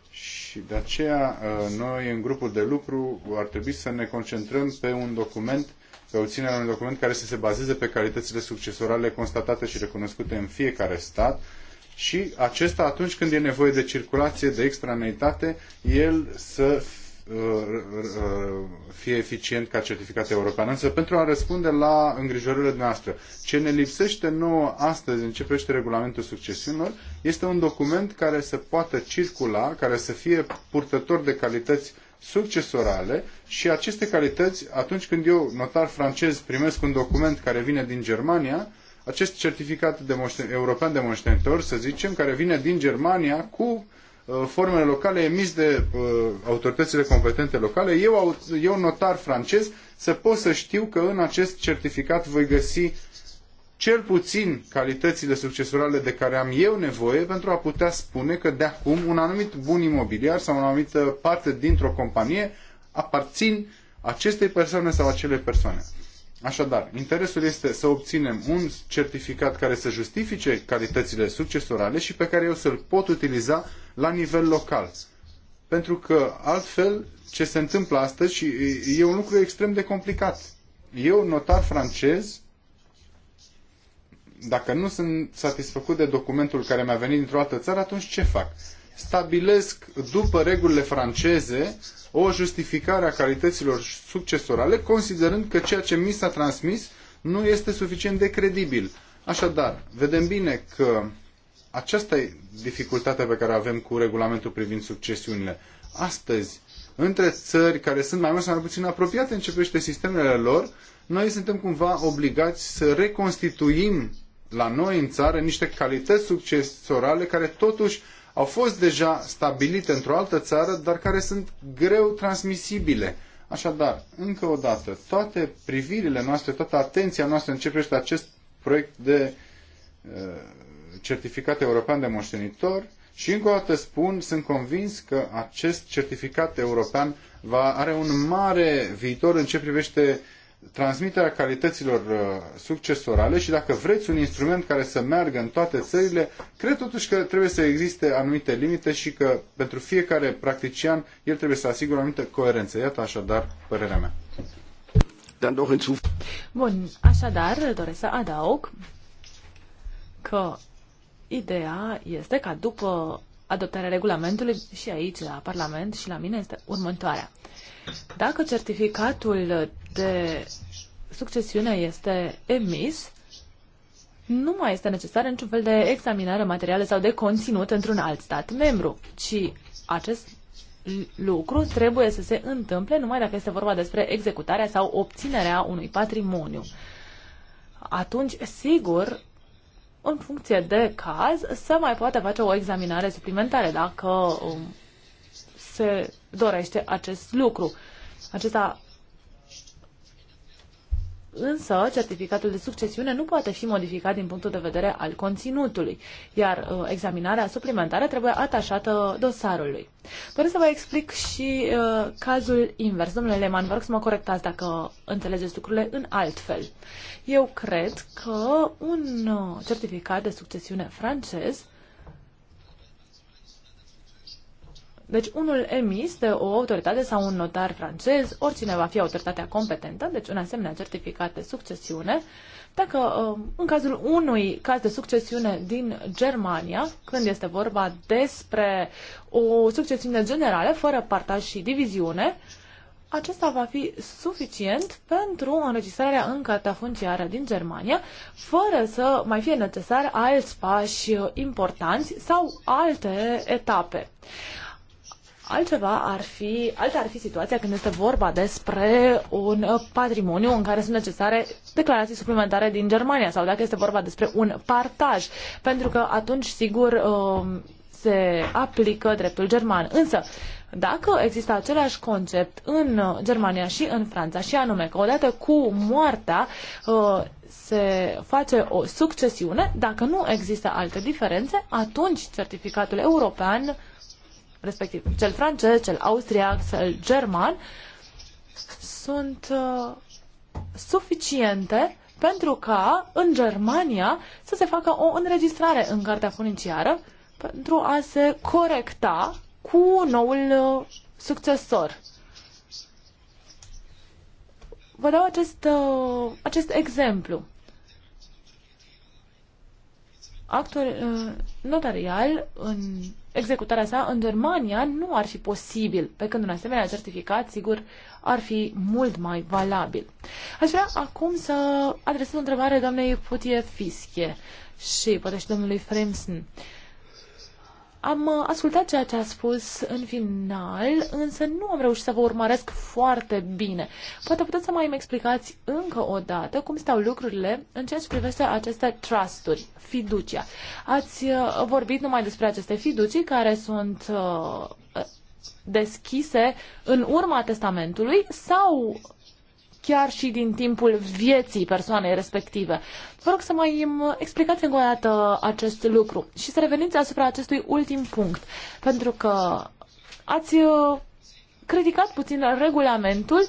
Și de aceea uh, noi în grupul de lucru ar trebui să ne concentrăm pe un document pe obținerea unui document care să se bazeze pe calitățile succesorale constatate și recunoscute în fiecare stat, și acesta atunci când e nevoie de circulație, de extraneitate, el să uh, uh, fie eficient ca certificat european. Însă pentru a răspunde la îngrijorările noastre, ce ne lipsește nouă astăzi începește regulamentul succesiunilor este un document care să poată circula, care să fie purtător de calități succesorale și aceste calități, atunci când eu, notar francez, primesc un document care vine din Germania, acest certificat de moșten- european de moștenitor, să zicem, care vine din Germania cu uh, formele locale emis de uh, autoritățile competente locale, eu, eu notar francez, să pot să știu că în acest certificat voi găsi cel puțin calitățile succesorale de care am eu nevoie pentru a putea spune că de acum un anumit bun imobiliar sau o anumită parte dintr-o companie aparțin acestei persoane sau acele persoane. Așadar, interesul este să obținem un certificat care să justifice calitățile succesorale și pe care eu să-l pot utiliza la nivel local. Pentru că altfel ce se întâmplă astăzi și e un lucru extrem de complicat. Eu, notar francez, dacă nu sunt satisfăcut de documentul care mi-a venit dintr-o altă țară, atunci ce fac? Stabilesc după regulile franceze o justificare a calităților succesorale, considerând că ceea ce mi s-a transmis nu este suficient de credibil. Așadar, vedem bine că aceasta e dificultatea pe care avem cu regulamentul privind succesiunile. Astăzi, între țări care sunt mai mult sau mai puțin apropiate în ce privește sistemele lor, noi suntem cumva obligați să reconstituim la noi în țară niște calități succesorale care totuși au fost deja stabilite într-o altă țară, dar care sunt greu transmisibile. Așadar, încă o dată, toate privirile noastre, toată atenția noastră începește acest proiect de uh, certificat european de moștenitor și încă o dată spun, sunt convins că acest certificat european va, are un mare viitor în ce privește transmiterea calităților uh, succesorale și dacă vreți un instrument care să meargă în toate țările, cred totuși că trebuie să existe anumite limite și că pentru fiecare practician el trebuie să asigure o anumită coerență. Iată așadar părerea mea. Bun, așadar doresc să adaug că ideea este ca după adoptarea regulamentului și aici la Parlament și la mine este următoarea. Dacă certificatul de succesiune este emis, nu mai este necesară niciun fel de examinare materială sau de conținut într-un alt stat membru, ci acest lucru trebuie să se întâmple numai dacă este vorba despre executarea sau obținerea unui patrimoniu. Atunci, sigur, în funcție de caz, se mai poate face o examinare suplimentară dacă um, se dorește acest lucru. Acesta Însă, certificatul de succesiune nu poate fi modificat din punctul de vedere al conținutului, iar uh, examinarea suplimentară trebuie atașată dosarului. Doresc să vă explic și uh, cazul invers. Domnule Lehmann, vă rog să mă corectați dacă înțelegeți lucrurile în alt fel. Eu cred că un uh, certificat de succesiune francez Deci unul emis de o autoritate sau un notar francez, oricine va fi autoritatea competentă, deci un asemenea certificat de succesiune, dacă um, în cazul unui caz de succesiune din Germania, când este vorba despre o succesiune generală, fără partaj și diviziune, acesta va fi suficient pentru înregistrarea în cartea funciară din Germania, fără să mai fie necesar alți pași importanți sau alte etape. Altceva ar fi, alta ar fi situația când este vorba despre un patrimoniu în care sunt necesare declarații suplimentare din Germania sau dacă este vorba despre un partaj, pentru că atunci, sigur, um, se aplică dreptul german. Însă, dacă există același concept în Germania și în Franța, și anume că odată cu moartea uh, se face o succesiune, dacă nu există alte diferențe, atunci certificatul european respectiv cel francez, cel austriac, cel german, sunt uh, suficiente pentru ca în Germania să se facă o înregistrare în cartea funiciară pentru a se corecta cu noul uh, succesor. Vă dau acest, uh, acest exemplu. Actul uh, notarial în executarea sa în Germania nu ar fi posibil, pe când un asemenea certificat, sigur, ar fi mult mai valabil. Aș vrea acum să adresez o întrebare doamnei Putie Fischie și poate și domnului Fremsen. Uh, am uh, ascultat ceea ce a spus în final, însă nu am reușit să vă urmăresc foarte bine. Poate puteți să mai îmi explicați încă o dată cum stau lucrurile în ceea ce privește aceste trusturi, fiducia. Ați uh, vorbit numai despre aceste fiducii care sunt uh, deschise în urma testamentului sau chiar și din timpul vieții persoanei respective. Vă rog să mai explicați încă o dată acest lucru și să reveniți asupra acestui ultim punct, pentru că ați uh, criticat puțin regulamentul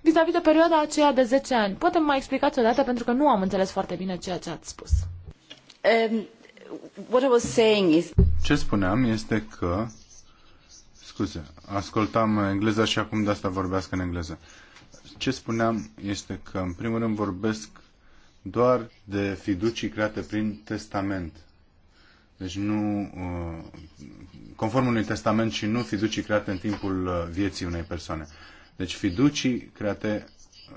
vis-a-vis de perioada aceea de 10 ani. Poate mai explicați o dată, pentru că nu am înțeles foarte bine ceea ce ați spus. Um, what I was saying is... Ce spuneam este că... Scuze, ascultam engleza și acum de asta vorbească în engleză. Uh, ce spuneam este că, în primul rând, vorbesc doar de fiducii create prin testament. Deci nu, uh, conform unui testament și nu fiducii create în timpul uh, vieții unei persoane. Deci fiducii create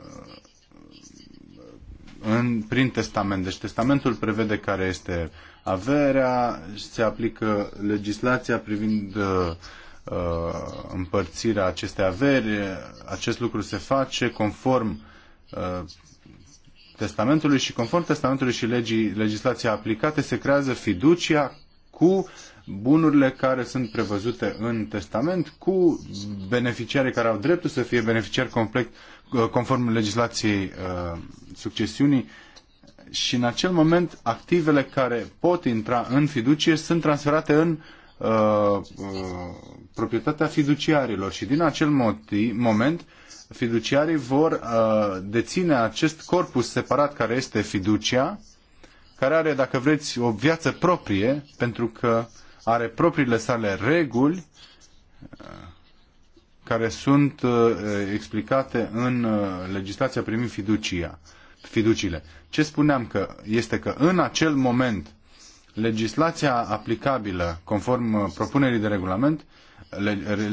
uh, în, prin testament. Deci testamentul prevede care este averea, se aplică legislația privind Uh, împărțirea acestei averi. Acest lucru se face conform uh, testamentului și conform testamentului și legii, legislația aplicate se creează fiducia cu bunurile care sunt prevăzute în testament, cu beneficiarii care au dreptul să fie beneficiari complet, uh, conform legislației uh, succesiunii și în acel moment activele care pot intra în fiducie sunt transferate în uh, Uh, uh, proprietatea fiduciarilor și din acel motiv, moment fiduciarii vor uh, deține acest corpus separat care este fiducia, care are, dacă vreți, o viață proprie, pentru că are propriile sale reguli uh, care sunt uh, explicate în uh, legislația privind fiducia, fiduciile. Ce spuneam că este că în acel moment legislația aplicabilă, conform uh, propunerii de regulament,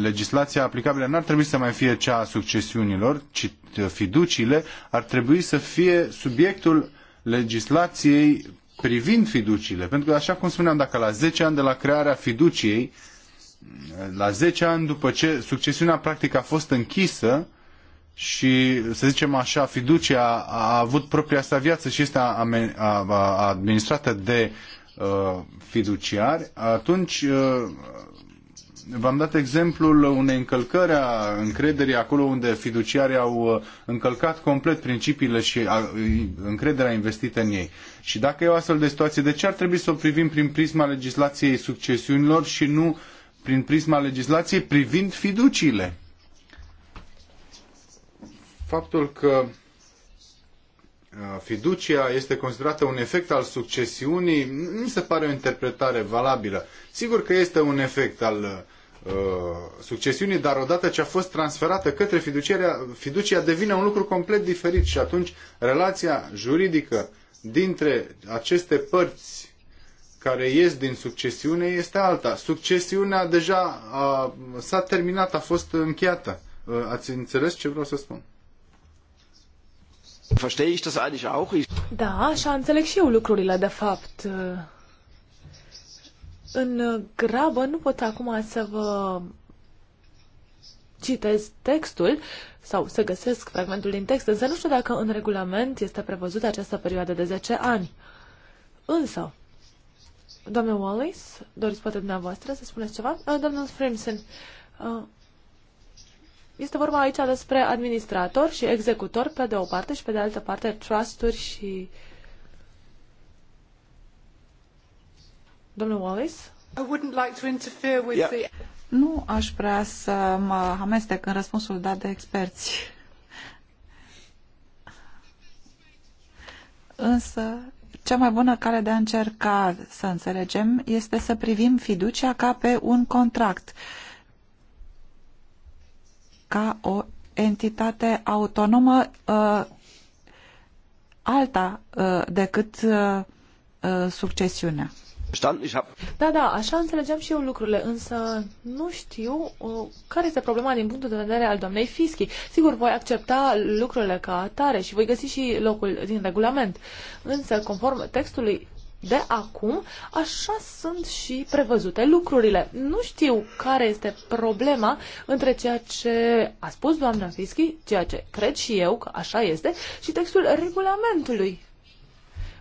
legislația aplicabilă n-ar trebui să mai fie cea a succesiunilor, ci uh, fiduciile ar trebui să fie subiectul legislației privind fiduciile. Pentru că, așa cum spuneam, dacă la 10 ani de la crearea fiduciei, uh, la 10 ani după ce succesiunea practic a fost închisă și, să zicem așa, fiducia a avut propria sa viață și este administrată de Uh, fiduciari, atunci uh, V-am dat exemplul unei încălcări a încrederii acolo unde fiduciarii au uh, încălcat complet principiile și încrederea investită în ei. Și dacă e o astfel de situație, de ce ar trebui să o privim prin prisma legislației succesiunilor și nu prin prisma legislației privind fiduciile? Faptul că Uh, fiducia este considerată un efect al succesiunii, nu mi se pare o interpretare valabilă. Sigur că este un efect al uh, succesiunii, dar odată ce a fost transferată către fiducia, fiducia devine un lucru complet diferit și atunci relația juridică dintre aceste părți care ies din succesiune este alta. Succesiunea deja uh, s-a terminat, a fost încheiată. Uh, ați înțeles ce vreau să spun? Verstehe ich das eigentlich auch? Da, așa înțeleg și eu lucrurile, de fapt. În grabă nu pot acum să vă citez textul sau să găsesc fragmentul din text, însă nu știu dacă în regulament este prevăzută această perioadă de 10 ani. Însă, doamne Wallace, doriți poate dumneavoastră să spuneți ceva? Domnul Frimson, este vorba aici despre administrator și executor pe de o parte și pe de altă parte trusturi și... Domnul Wallace? I wouldn't like to interfere with yeah. the... Nu aș vrea să mă amestec în răspunsul dat de experți. Însă, cea mai bună cale de a încerca să înțelegem este să privim fiducia ca pe un contract. Uh, ca o entitate autonomă uh, alta uh, decât uh, succesiunea. Da, da, așa înțelegeam și eu lucrurile, însă nu știu uh, care este problema din punctul de vedere al doamnei Fischi. Sigur, voi accepta lucrurile ca atare și voi găsi și locul din regulament, însă, conform textului de acum, așa sunt și prevăzute lucrurile. Nu știu care este problema între ceea ce a spus doamna Fischi, ceea ce cred și eu că așa este, și textul regulamentului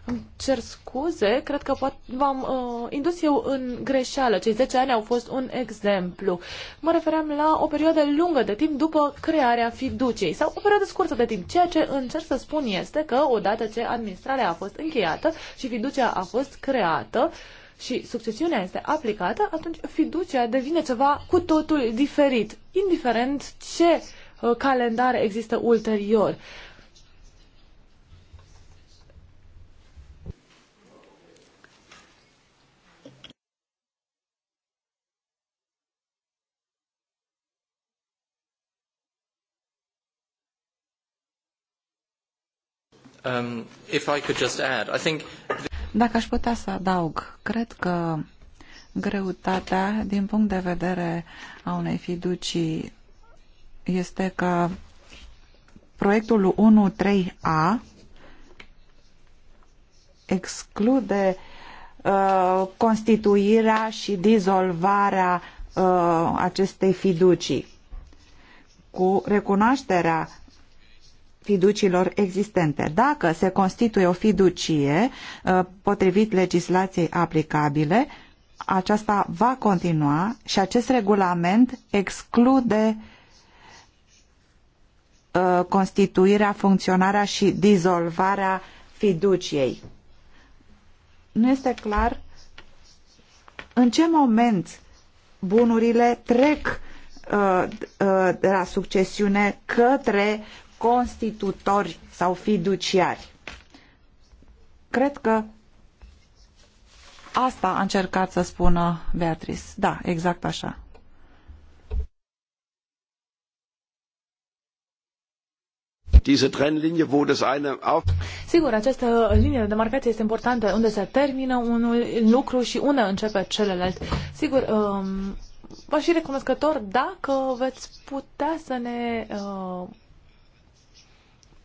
îmi cer scuze, cred că v-am uh, indus eu în greșeală. Cei 10 ani au fost un exemplu. Mă refeream la o perioadă lungă de timp după crearea fiducei sau o perioadă scurtă de timp. Ceea ce încerc să spun este că odată ce administrarea a fost încheiată și fiducea a fost creată, și succesiunea este aplicată, atunci fiducia devine ceva cu totul diferit, indiferent ce uh, calendar există ulterior. Um, Dacă aș putea să adaug, cred că greutatea din punct de vedere a unei fiducii este că proiectul 1.3a exclude uh, constituirea și dizolvarea uh, acestei fiducii cu recunoașterea fiducilor existente. Dacă se constituie o fiducie uh, potrivit legislației aplicabile, aceasta va continua și acest regulament exclude uh, constituirea, funcționarea și dizolvarea fiduciei. Nu este clar în ce moment bunurile trec uh, de la succesiune către constitutori sau fiduciari. Cred că asta a încercat să spună Beatrice. Da, exact așa. Sigur, această linie de demarcație este importantă, unde se termină unul lucru și unde începe celălalt. Sigur, um, v-aș fi recunoscător dacă veți putea să ne uh,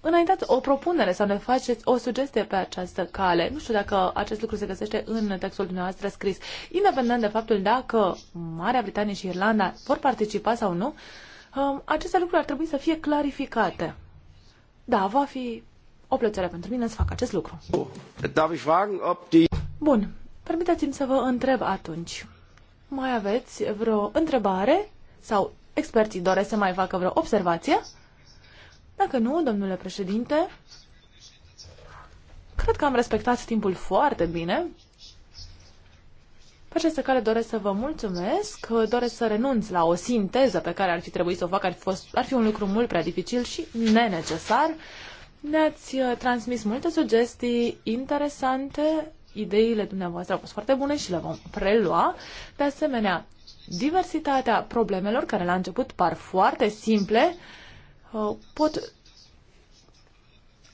înaintați o propunere sau ne faceți o sugestie pe această cale. Nu știu dacă acest lucru se găsește în textul dumneavoastră scris. Independent de faptul dacă Marea Britanie și Irlanda vor participa sau nu, um, aceste lucruri ar trebui să fie clarificate. Da, va fi o plăcere pentru mine să fac acest lucru. Bun, permiteți-mi să vă întreb atunci. Mai aveți vreo întrebare sau experții doresc să mai facă vreo observație? Dacă nu, domnule președinte, cred că am respectat timpul foarte bine. Pe aceste care doresc să vă mulțumesc, doresc să renunț la o sinteză pe care ar fi trebuit să o fac, ar fi, fost, ar fi un lucru mult prea dificil și nenecesar. Ne-ați uh, transmis multe sugestii interesante, ideile dumneavoastră au fost foarte bune și le vom prelua. De asemenea, diversitatea problemelor, care la început par foarte simple, Uh, pot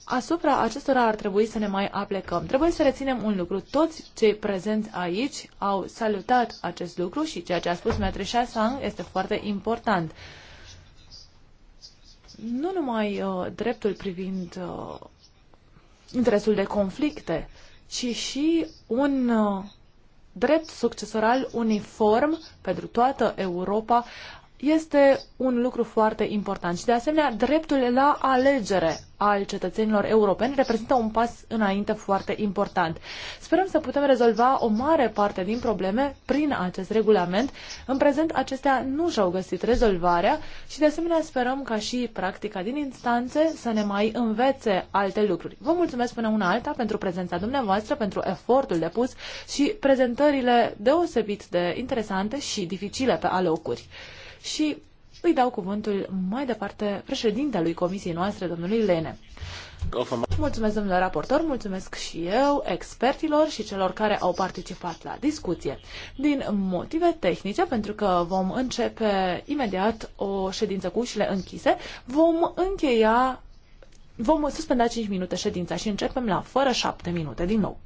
asupra acestora ar trebui să ne mai aplecăm. Trebuie să reținem un lucru. Toți cei prezenți aici au salutat acest lucru și ceea ce a spus Matrișa Sang este foarte important. Nu numai uh, dreptul privind uh, interesul de conflicte, ci și un uh, drept succesoral uniform pentru toată Europa este un lucru foarte important și de asemenea dreptul la alegere al cetățenilor europeni reprezintă un pas înainte foarte important. Sperăm să putem rezolva o mare parte din probleme prin acest regulament. În prezent acestea nu și-au găsit rezolvarea și de asemenea sperăm ca și practica din instanțe să ne mai învețe alte lucruri. Vă mulțumesc până una alta pentru prezența dumneavoastră, pentru efortul depus și prezentările deosebit de interesante și dificile pe alocuri și îi dau cuvântul mai departe președintelui comisiei noastre, domnului Lene. Mulțumesc, domnule raportor, mulțumesc și eu, expertilor și celor care au participat la discuție. Din motive tehnice, pentru că vom începe imediat o ședință cu ușile închise, vom încheia, vom suspenda 5 minute ședința și începem la fără 7 minute din nou.